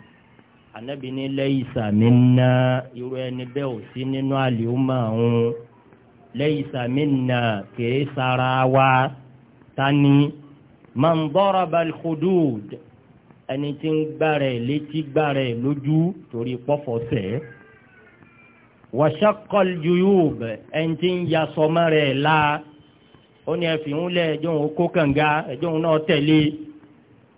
النبي ليس منا يرى نبي سنن عليهم laysa minna kìí sara wa tani man daraba al-hudud ẹni tí ń gbàrẹ̀ létí gbàrẹ̀ lójú torí pọ́fọ́sẹ̀ wa shaqqa al-juyub ẹni tí ń yasọ́mọ́ rẹ̀ la ó ní ẹ̀fì ń lẹ̀ ẹjọ́ òun kó kànga ẹjọ́ òun náà tẹ̀lé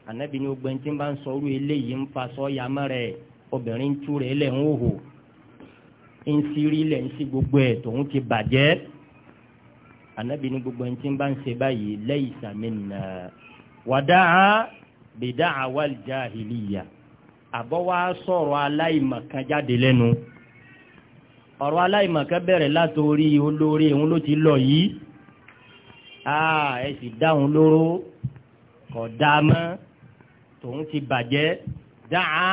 ànábì ní ogbẹ́ntì bá ń sọ eléyìí ń fa sọ́ yamọ́ rẹ̀ obìnrin tú rẹ̀ lẹ̀ ń hò ń sí rílẹ̀ ń sí gbogbo ẹ̀ tòun ti bàjẹ́ anabi ni gbogbo ẹni tí ń bá ń ṣe báyìí laysa minna wàdáhà bìdáhà jahiliya àbọ̀wá sọ̀rọ̀ aláìmọ̀kan jáde lẹ́nu ọ̀rọ̀ aláìmọ̀kan bẹ̀rẹ̀ látòrí olórí òun ló ti lọ yìí aa ẹ sì dáhùn lóró kò ti bàjẹ́ dáhà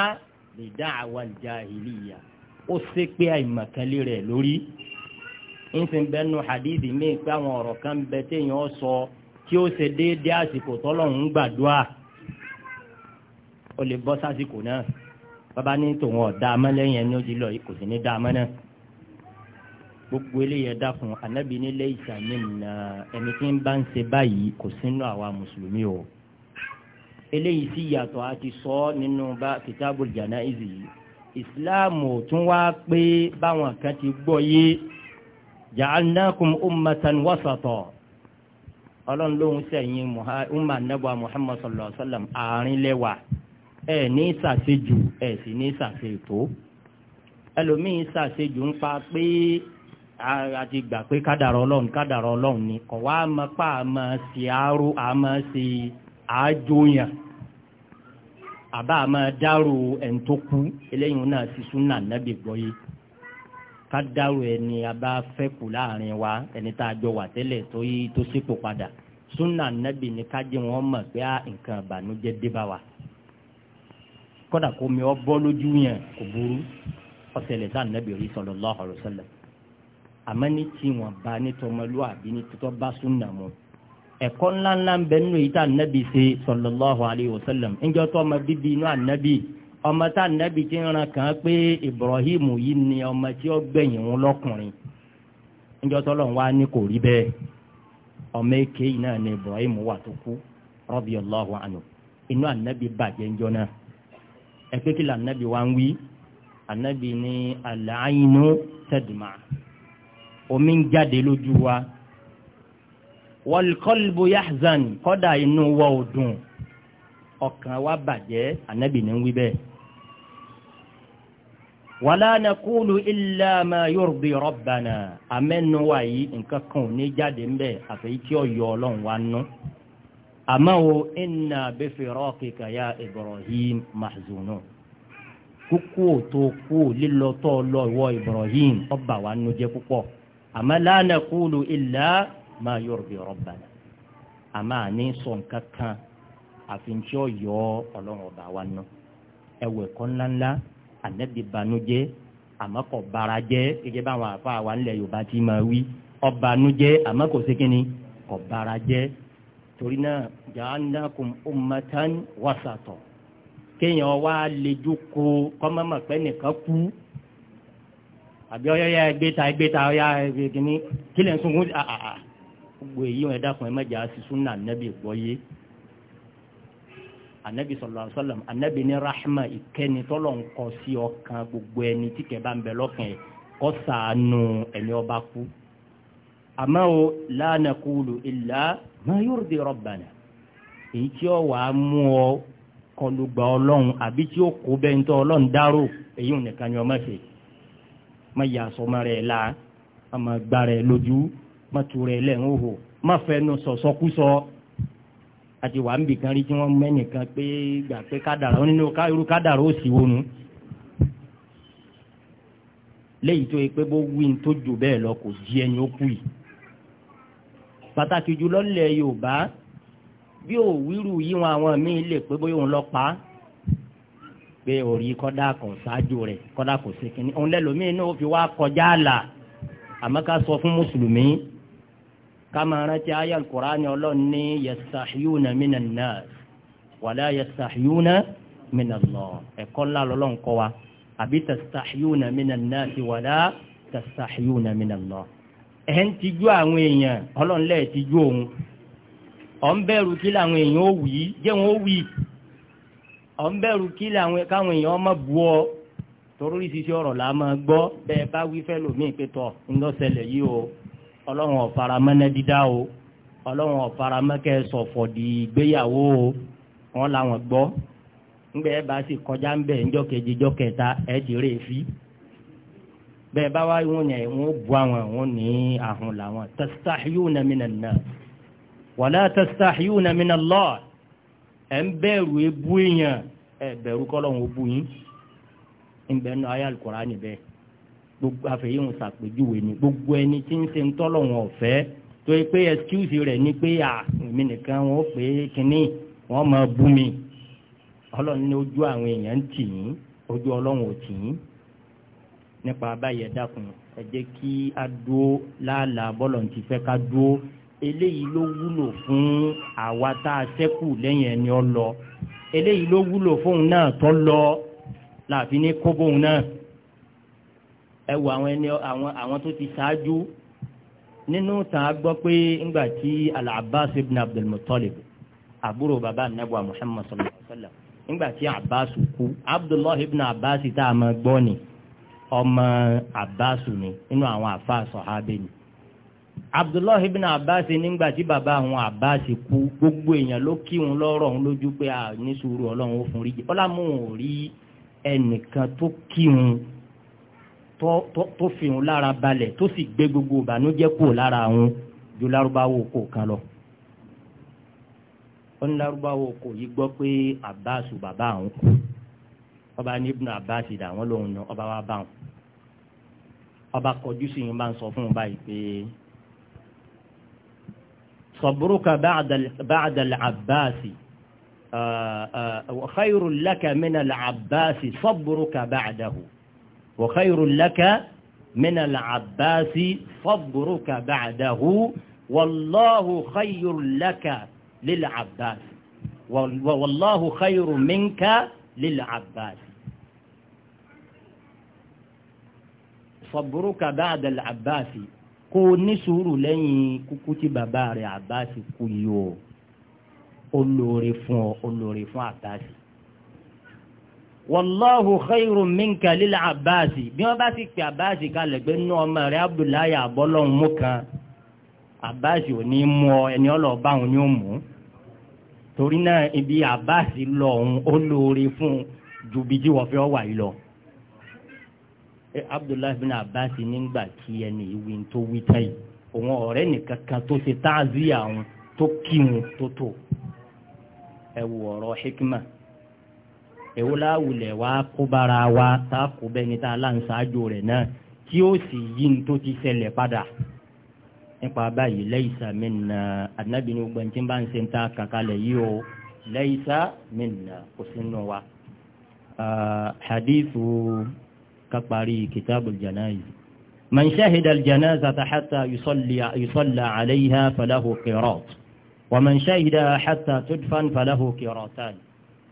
bìdáhà wal jahiliya ó ṣe pé àìmọ̀kánlé rẹ̀ lórí ńsìn bẹ́ẹ̀ nu hadithi míì pé àwọn ọ̀rọ̀ kan bẹ téèyàn sọ tí ó ṣe déédé àsìkò tọ́lọ́run ń gbàdúrà ó lè bọ́ sásìkò náà bàbá ní tòun ọ̀dà amọ́lẹ́yìn ẹni ó ti lọ kò sí ní dá amọ́ náà gbogbo eléyẹ dá fún anábì nílé ìsàmì nà ẹni tí ń bá ń ṣe báyìí kò sínú àwa mùsùlùmí o eléyìí sì yàtọ̀ àti sọ nínú bá kìtàbù jànáìsì yìí ìsìláàmù tún wá pé báwọn kan ti gbọ́ yé ja'alnakum ummatan wasata ọlọ́run lóhun sẹ́yìn umma nebo muhammad sallallahu alaihi wa sallam àárín lẹ́wà ẹ̀ ní sàṣejù ẹ̀ sì ní sàṣètò ẹlòmíì sàṣejù ń pa pé àti gbà pé kádàrọ̀ ọlọ́run kádàrọ̀ ọlọ́run ni kọ̀ wá mọ́ pa àmọ́ sí àárò àmọ́ sí àájòyàn àbá máa dárò ẹni tó kú eléyìí náà ti súnà nábì gbọ́yé ká dárò ẹni abá fẹ́ kù láàrin wa ẹni tá a jọ wà tẹ́lẹ̀ tó yí tó sípò padà súnà nábì ni ká jẹ́ wọn mọ̀ pé ah, nǹkan ìbànújẹ́ dé bá wa kódà kó mi ọ bọ́ lójú yẹn kò burú ọ̀sẹ̀lẹ̀ tá nàbì rí sallallahu alaihi wasallam àmọ́ ní tí wọ́n bá ní tọmọlúwàbí ní títọ́ bá súnà mọ́ ẹ̀kọ́ ńláńlá ń bẹ nínú ìta sallallahu alayhi wa tó ọmọ bíbí inú ànábì ọmọ tá ànábì ti ń ran kàn pé Ibrahim yìí ni ọmọ tí ó gbẹ̀yìn wọn lọ́kùnrin ńjọ́ tó lọ́n wá ní kò rí bẹ́ẹ̀ ọmọ èké yìí náà ni Ibrahim wà tó kú radiyallahu anhu inú ànábì bàjẹ́ omi ń wọlkọlbù yahzan kọ́dà inú wọ òdùn ọkàn wa bàjẹ́ ànábì ní wí bẹ́ẹ̀ wàlá na kúlù ilá ma yurdi rabbana àmẹ́nu wa yìí nǹkan kan ò ní jáde ńbẹ àfẹ́yí tí ó yọ ọlọ́run wa nú àmọ́ o inna bi firaqika ya ibrahim mahzunu kúkú òtó kú lílọ tó ibrahim ọba wa nú jẹ́ púpọ̀ àmọ́ la kúlù ilá ma yurdi rabbana àmọ́ àní sọ nǹkan kan àfihàn tí ó yọ ọlọ́run ọba wa nù ẹwọ ẹ̀kọ́ ńláńlá ànẹ́bí banújẹ́ àmọ́ kò bara jẹ́ gẹ́gẹ́ báwọn àfa wa ńlẹ̀ yorùbá ti máa wí ọbanújẹ́ àmọ́ kò sékìní kò bara jẹ́ torí náà ja'alnakum ummatan wasata kéèyàn wá lè jókòó kọ́mọ́mọ́ nìkan kú àbí ọyọ́ yá ẹgbẹ́ta ẹgbẹ́ta ọyá ẹgbẹ́ kìíní kílẹ̀ ń sunkún àà gbogbo èyí wọn dákun ẹ a sí súnà ànábì gbọ́yé ànábì sallallahu alaihi wasallam ànábì ní rahma ìkẹ́ni tọ́lọ̀ ń kọ sí ọkàn gbogbo ẹni tí kẹ́ bá ń bẹ lọ́kàn ẹ̀ kọ́ sàánú ẹni ọba kú àmọ́ o la naqulu illa ma yurdi rabbana èyí tí ó wàá mú ọ kọlùgbà ọlọ́run àbí tí ó kó bẹ́ẹ̀ tó ọlọ́run dárò èyí ò nìkan ni ọmọ ṣe má yà sọmọ rẹ̀ la ọmọ gbà rẹ̀ lójú má tu rẹ̀ lẹ̀ ń hò má fẹnu sọ̀sọ́kúsọ àti wà ń bì kan rí tí wọ́n mẹ́nìkan pé gbà pé kádàrá ó nínú irú kádàrá ó sì wọnú léyìí tó yẹ pé bó wí tó jù bẹ́ẹ̀ lọ kò jí ẹni ó kù yìí pàtàkì jùlọ lẹ Yorùbá bí ò wíru yìí àwọn míì lè pé bóyá òun lọ pa á pé orí kọ́dà kò ṣáájú rẹ̀ kọ́dà kò ṣe kínní òun lẹ́lòmíì náà ó fi wá kọjá àlà àmọ́ ká sọ fún mùsùlùmí kama rántí ayé alukur'ani ọlọ́run ní yasahiyuna minan nas wàlá yasahiyuna minallah ẹ̀kọ́ ńlá lọ́lọ́run kọ́ wa àbí tasahiyuna minan nas wàlá tasahiyuna minallah ẹ̀ ń tijú àwọn èèyàn ọlọ́run lẹ́ẹ̀ tijú òun ọ̀ ń bẹ̀rù kí làwọn èèyàn ó wí jẹ́ wọn ó wí ọ̀ ń bẹ̀rù kí làwọn èèyàn ọmọ bu ọ torí ṣiṣẹ́ ọ̀rọ̀ là gbọ́ bẹ́ẹ̀ bá wí fẹ́ lòmíì pé tọ̀ ọlọ́run ọ̀fara mẹ́nẹ́ dídá o ọlọ́run ọ̀fara mẹ́kẹ́ sọ̀fọ̀ di ìgbéyàwó o wọ́n làwọn gbọ́ ńgbẹ́ ẹ bá sì kọjá ń bẹ̀ ńjọ́ kejì jọ́ kẹta ẹ ti rè fi bẹ́ẹ̀ bá wá wọn yẹn wọ́n bu àwọn wọn ní àhùn làwọn tastahyuna minan nas wala tastahyuna minallah ẹ̀ ń bẹ̀rù ebú èèyàn ẹ̀ bẹ̀rù kọ́lọ́run ó bu yín ń bẹ́ẹ̀ náà ayé al níbẹ̀ gbogbo àfẹ̀yìn ṣàpèjúwe ni gbogbo ẹni tí ń ṣe ń tọ́lọ̀ wọn ọ̀fẹ́ tó yẹ pé excuse rẹ̀ ni pé àmì nìkan wọn ó pé kínní wọn máa bú mi ọlọ́run ní ojú àwọn èèyàn ń tì yín ojú ọlọ́run ò tì yín nípa abáyẹ dákun ẹ jẹ́ kí a dúó láàlà bọ́lọ̀ ti fẹ́ ká dúó eléyìí ló wúlò fún àwa tá a ṣẹ́kù lẹ́yìn ẹni ọ lọ eléyìí ló wúlò fóun náà tó lọ láàfin ní kóbóun náà ẹ wo àwọn ẹni àwọn àwọn tó ti ṣáájú nínú tàn á gbọ́ pé ńgbà tí al-Abbas ibn Abdul Muttalib àbúrò bàbá anabu Muhammad sallallahu alaihi wa sallam ńgbà tí Abbas kú Abdullah ibn Abbas tá a máa gbọ́ ni ọmọ Abbas ni nínú àwọn àfa sọ̀hábẹ́ ni abdullahi ibn abbas nígbà tí bàbá àwọn abbas kú gbogbo èèyàn ló kí wọn lọ́rọ̀ òun lójú pé a ní sùúrù ọlọ́run ó fún rí jẹ ọlámùhùn ò rí ẹnìkan tó kí wọn tó fi hàn lára balẹ̀ tó sì gbé gbogbo ìbànújẹ́ kúrò lára àwọn ju lárúbáwò kò kan lọ. ó ní lárúbáwò kò yí gbọ́ pé Abbas bàbá àwọn kù ọba ní Ibn Abbas dà wọ́n lòun yan ọba wa bá wọn. ọba kọjú sí yín bá ń sọ fún un báyìí pé صبرك بعد بعد العباس خير لك من العباس صبرك بعده wa khayrun laka min al-Abbas fadruka ba'dahu wallahu khayrun laka lil-Abbas wallahu khayrun minka lil-Abbas. fadruka ba'da al-Abbas kó ní sùúrù lẹ́yìn kúkú tí bàbá rẹ̀ Abbas kú yìí o olóore fún ọ olóore fún Abbas wàláhù khairu minka lil àbáàsì bí wọ́n bá sì pè àbáàsì kalẹ̀ pé nínú ọmọ rẹ̀ abdullahi abọ́lọ́hún mú kan àbáàsì ò ní mú ọ ẹni ọlọ́ọ̀bá òun ni ó mú torí náà ibi àbáàsì lọ òun ó lóore fún ju bí tí wọ́n fi ọ́ wà yìí lọ. abdullahi bin àbáàsì nígbà kí ẹni ìwé tó wí táyì òun ọ̀rẹ́ nìkan kan tó ṣe táàzíyà òun tó kí tó tó ẹ wù ọ̀rọ̀ hikmah. èwo láwùlẹ̀ wulẹ wa kubara wa ta kubẹ ni bẹ́ni tá a láǹṣáájú rẹ̀ náà tí ó sì na ti ṣẹlẹ̀ n to nípa báyìí laysa minna ànábì ní gbogbo ẹni ń bá ń ṣe ń ta kàkálẹ̀ yìí o laysa minna kò sí sínú wa. hadithu kápárí kitabul janayiz man shahida al-janazata hatta yusalla alayha falahu qirat wa man shahida hata tudfan falahu qiratan.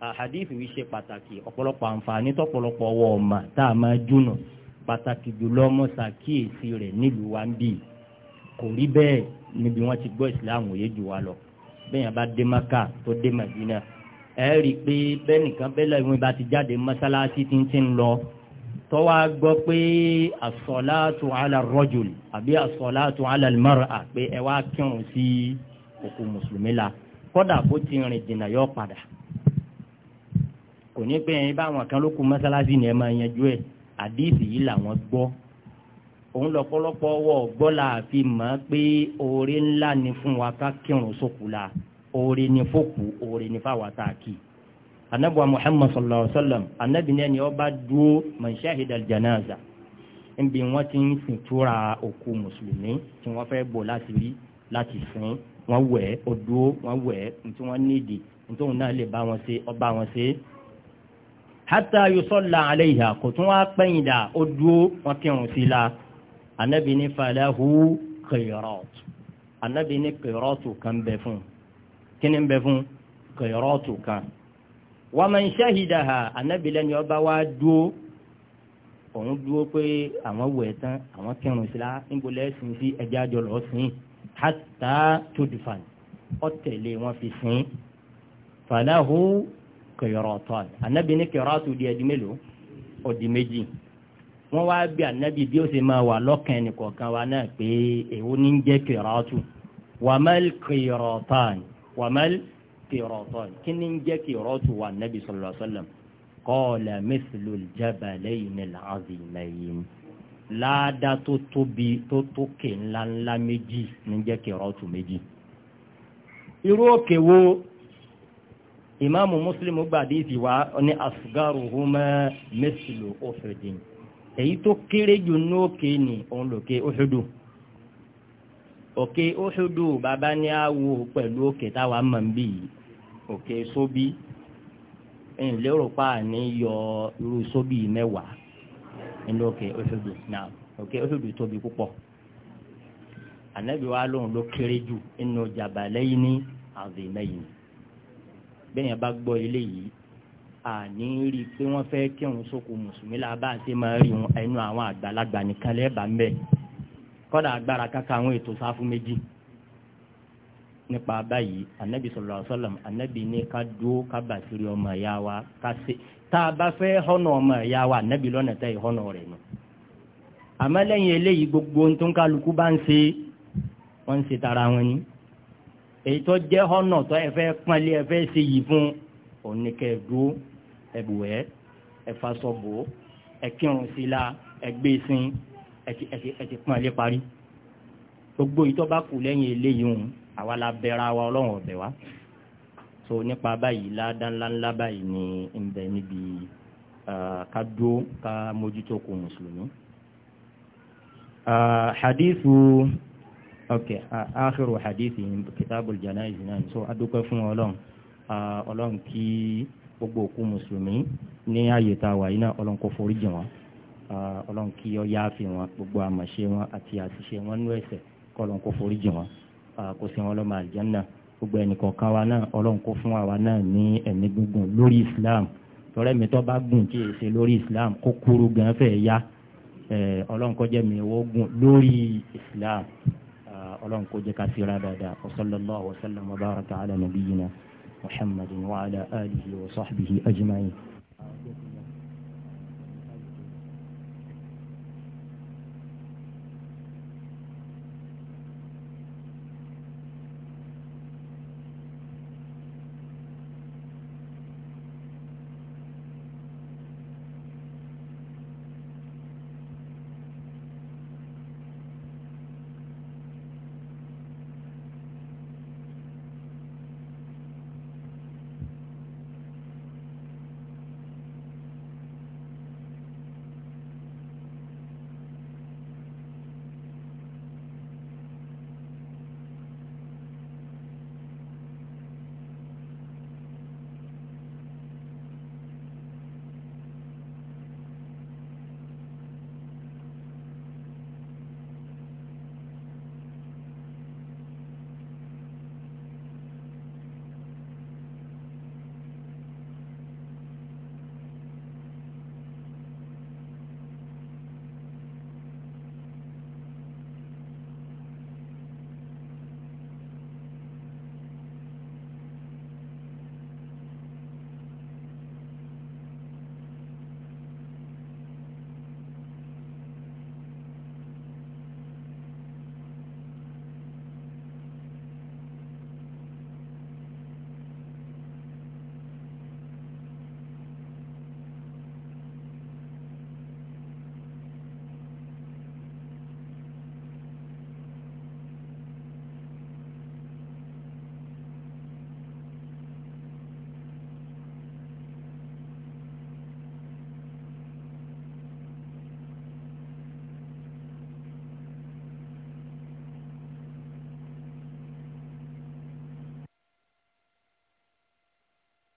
àhàdíìsì yìí ṣe pàtàkì ọ̀pọ̀lọpọ̀ àǹfààní tọ́pọ̀lọpọ̀ ọwọ́ ọ̀mà tá a máa júnà pàtàkì jùlọ mọ́sàkíyèsí rẹ̀ nílùú wa ń bì kò rí bẹ́ẹ̀ níbi wọ́n ti gbọ́ ìsìláàmù òye jù wá lọ bẹ́ẹ̀ yẹn bá dé maka tó dé madina ẹ rí i pé bẹ́ẹ̀ nìkan bẹ́ẹ̀ ìwọ̀n bá ti jáde mọ́sálásí tí ń ti ń lọ gbọ́ pé as-salatu ala àbí as-salatu ala pé ẹ wá kírun sí òkú mùsùlùmí la kọ́dà bó ti rìn dènà yọ padà kò ní pé ẹyin báwọn kan ló kú mọ́sálásí ni ẹ máa yanjú ẹ̀ àdíìsì yìí làwọn gbọ́ òun lọ́pọ̀lọpọ̀ ọwọ́ gbọ́ la fi mọ̀ pé oore ńlá ni fún wa ká kírun sókù la oore ni fókù oore ni fáwa tá kì í anabuwa muhammad sallallahu alaihi wa sallam anabi ní ẹni ọba dúró man shahida al-janaza níbi wọ́n ti ń sìntúra òkú mùsùlùmí tí wọ́n fẹ́ bò láti rí láti sìn wọ́n wẹ̀ odúró wọ́n wẹ̀ tí wọ́n nídìí nítorí náà lè bá wọn ṣe ọba wọn ṣe hátà yusọ́lá aléìhà kò tún wá pẹ́yìndà ó dúó wọn kírun sí la anábì ní falahu kẹrọt anábì ní kẹrọt kan bẹ fún kí ni bẹ fún kẹrọt kan wa man shahidaha anábì lẹ́ni ọba wá dúó òun dúó pé àwọn wẹ̀ tán àwọn kírun sí la níbo lẹ́sìn sí ẹjẹ́ àjọ lọ sìn hátà tudfan ọ̀tẹ̀lé wọn fi sìn falahu kẹrọt kẹrọtọn anabi ní kẹrọtù di ẹdi mélòó ọdi méjì wọn wá bí anabi bí ó ṣe máa wà lọ́kàn ẹnìkọ̀ọ̀kan wa náà pé èwo ní ń jẹ kẹrọtù wàmẹl kẹrọtọn wàmẹl kẹrọtọn kí ní ń jẹ kẹrọtù wà anabi sọlọ sọlọm kọọlẹ mẹsìlú jabalẹyìn làzìmẹyìn láàdá tó tóbi tó tókè ńláńlá méjì ní jẹ́ kẹrọtù méjì irú òkè wo ìmáàmù Muslim gbàdí ìfìwá ní asgaruhuma mẹ́sìlò ọ̀fẹ̀dìn èyí tó kéré jù ní ni ní òun lòkè òṣèdù òkè òṣèdù bàbá ní àwò pẹ̀lú òkè táwa mọ̀ ń bì òkè sóbí ẹ̀yìn lérò pa ní yọ irú sóbí mẹ́wàá nínú òkè òṣèdù náà òkè òṣèdù tóbi púpọ̀ ànábì wa ló kéré jù nínú jàbálẹ́yìn ní àzìmẹ́yìn bẹ́yẹn bá gbọ́ eléyìí àní rí i pé wọ́n fẹ́ kírun sóko mùsùlùmí la bá ṣe máa rí wọn ẹnu àwọn àgbàlagbà nìkan lẹ́ẹ̀bà ń bẹ̀ kọ́dà agbára káka àwọn ètò sáfù méjì nípa báyìí anabi sallallahu alaihi wasallam anabi ní ká dúó ká bàtírí ọmọ ẹ̀yà wa ká ṣe tá a bá fẹ́ họ́nà ọmọ ẹ̀yà wa anabi lọ́nà tẹ́ ìhọ́nà rẹ̀ nù àmọ́ lẹ́yìn eléyìí gbogbo ohun tó ń kálukú bá ń ṣe wọ́n ń ṣe tara wọn ni èyí tó jẹ́ ọ̀nà tó ẹ fẹ́ pọ́nlé ẹ fẹ́ ṣe yìí fún oníkẹ́ẹ̀dó ẹ̀bùwẹ́ ẹ̀fàṣọ́bò ẹ̀kírun síla ẹgbẹ́sìn e ẹ̀tì pọ́nlé parí gbogbo yìí tó bá kù lẹ́yìn eléyìí hùn àwa la bẹ̀rẹ̀ wa ọlọ́run ọ̀bẹ̀ wa so nípa báyìí ládánláńlá báyìí ni ń bẹ níbi ká dúó ká mójútó kò mùsùlùmí. hadithu ok áàkìrò hadithi kitabul janayiz náà so adúpẹ́ fún ọlọ́run ọlọ́run kí gbogbo òkú mùsùlùmí ní ààyè tá a wà yìí náà ọlọ́run kò forí jì wọ́n ọlọ́run kí ọ yááfì wọn gbogbo àmọ̀ṣe wọn àti àṣìṣe wọn nú ẹ̀ṣẹ̀ kọ́ ọlọ́run kò forí jì wọ́n kò sí wọn lọ́mọ àlìjánná gbogbo ẹnìkọ̀ọ̀kan wa náà ọlọ́run kó fún àwa náà ní ẹ̀mí gígùn lórí islam tọ́rẹ́ mi tó bá gùn kí èsè lórí islam kó kúrú gan fẹ́ ya ọlọ́run kó jẹ́ mi wọ́gùn lórí islam ولن كوجك كافر أبدا وصلى الله وسلم وبارك على نبينا محمد وعلى آله وصحبه أجمعين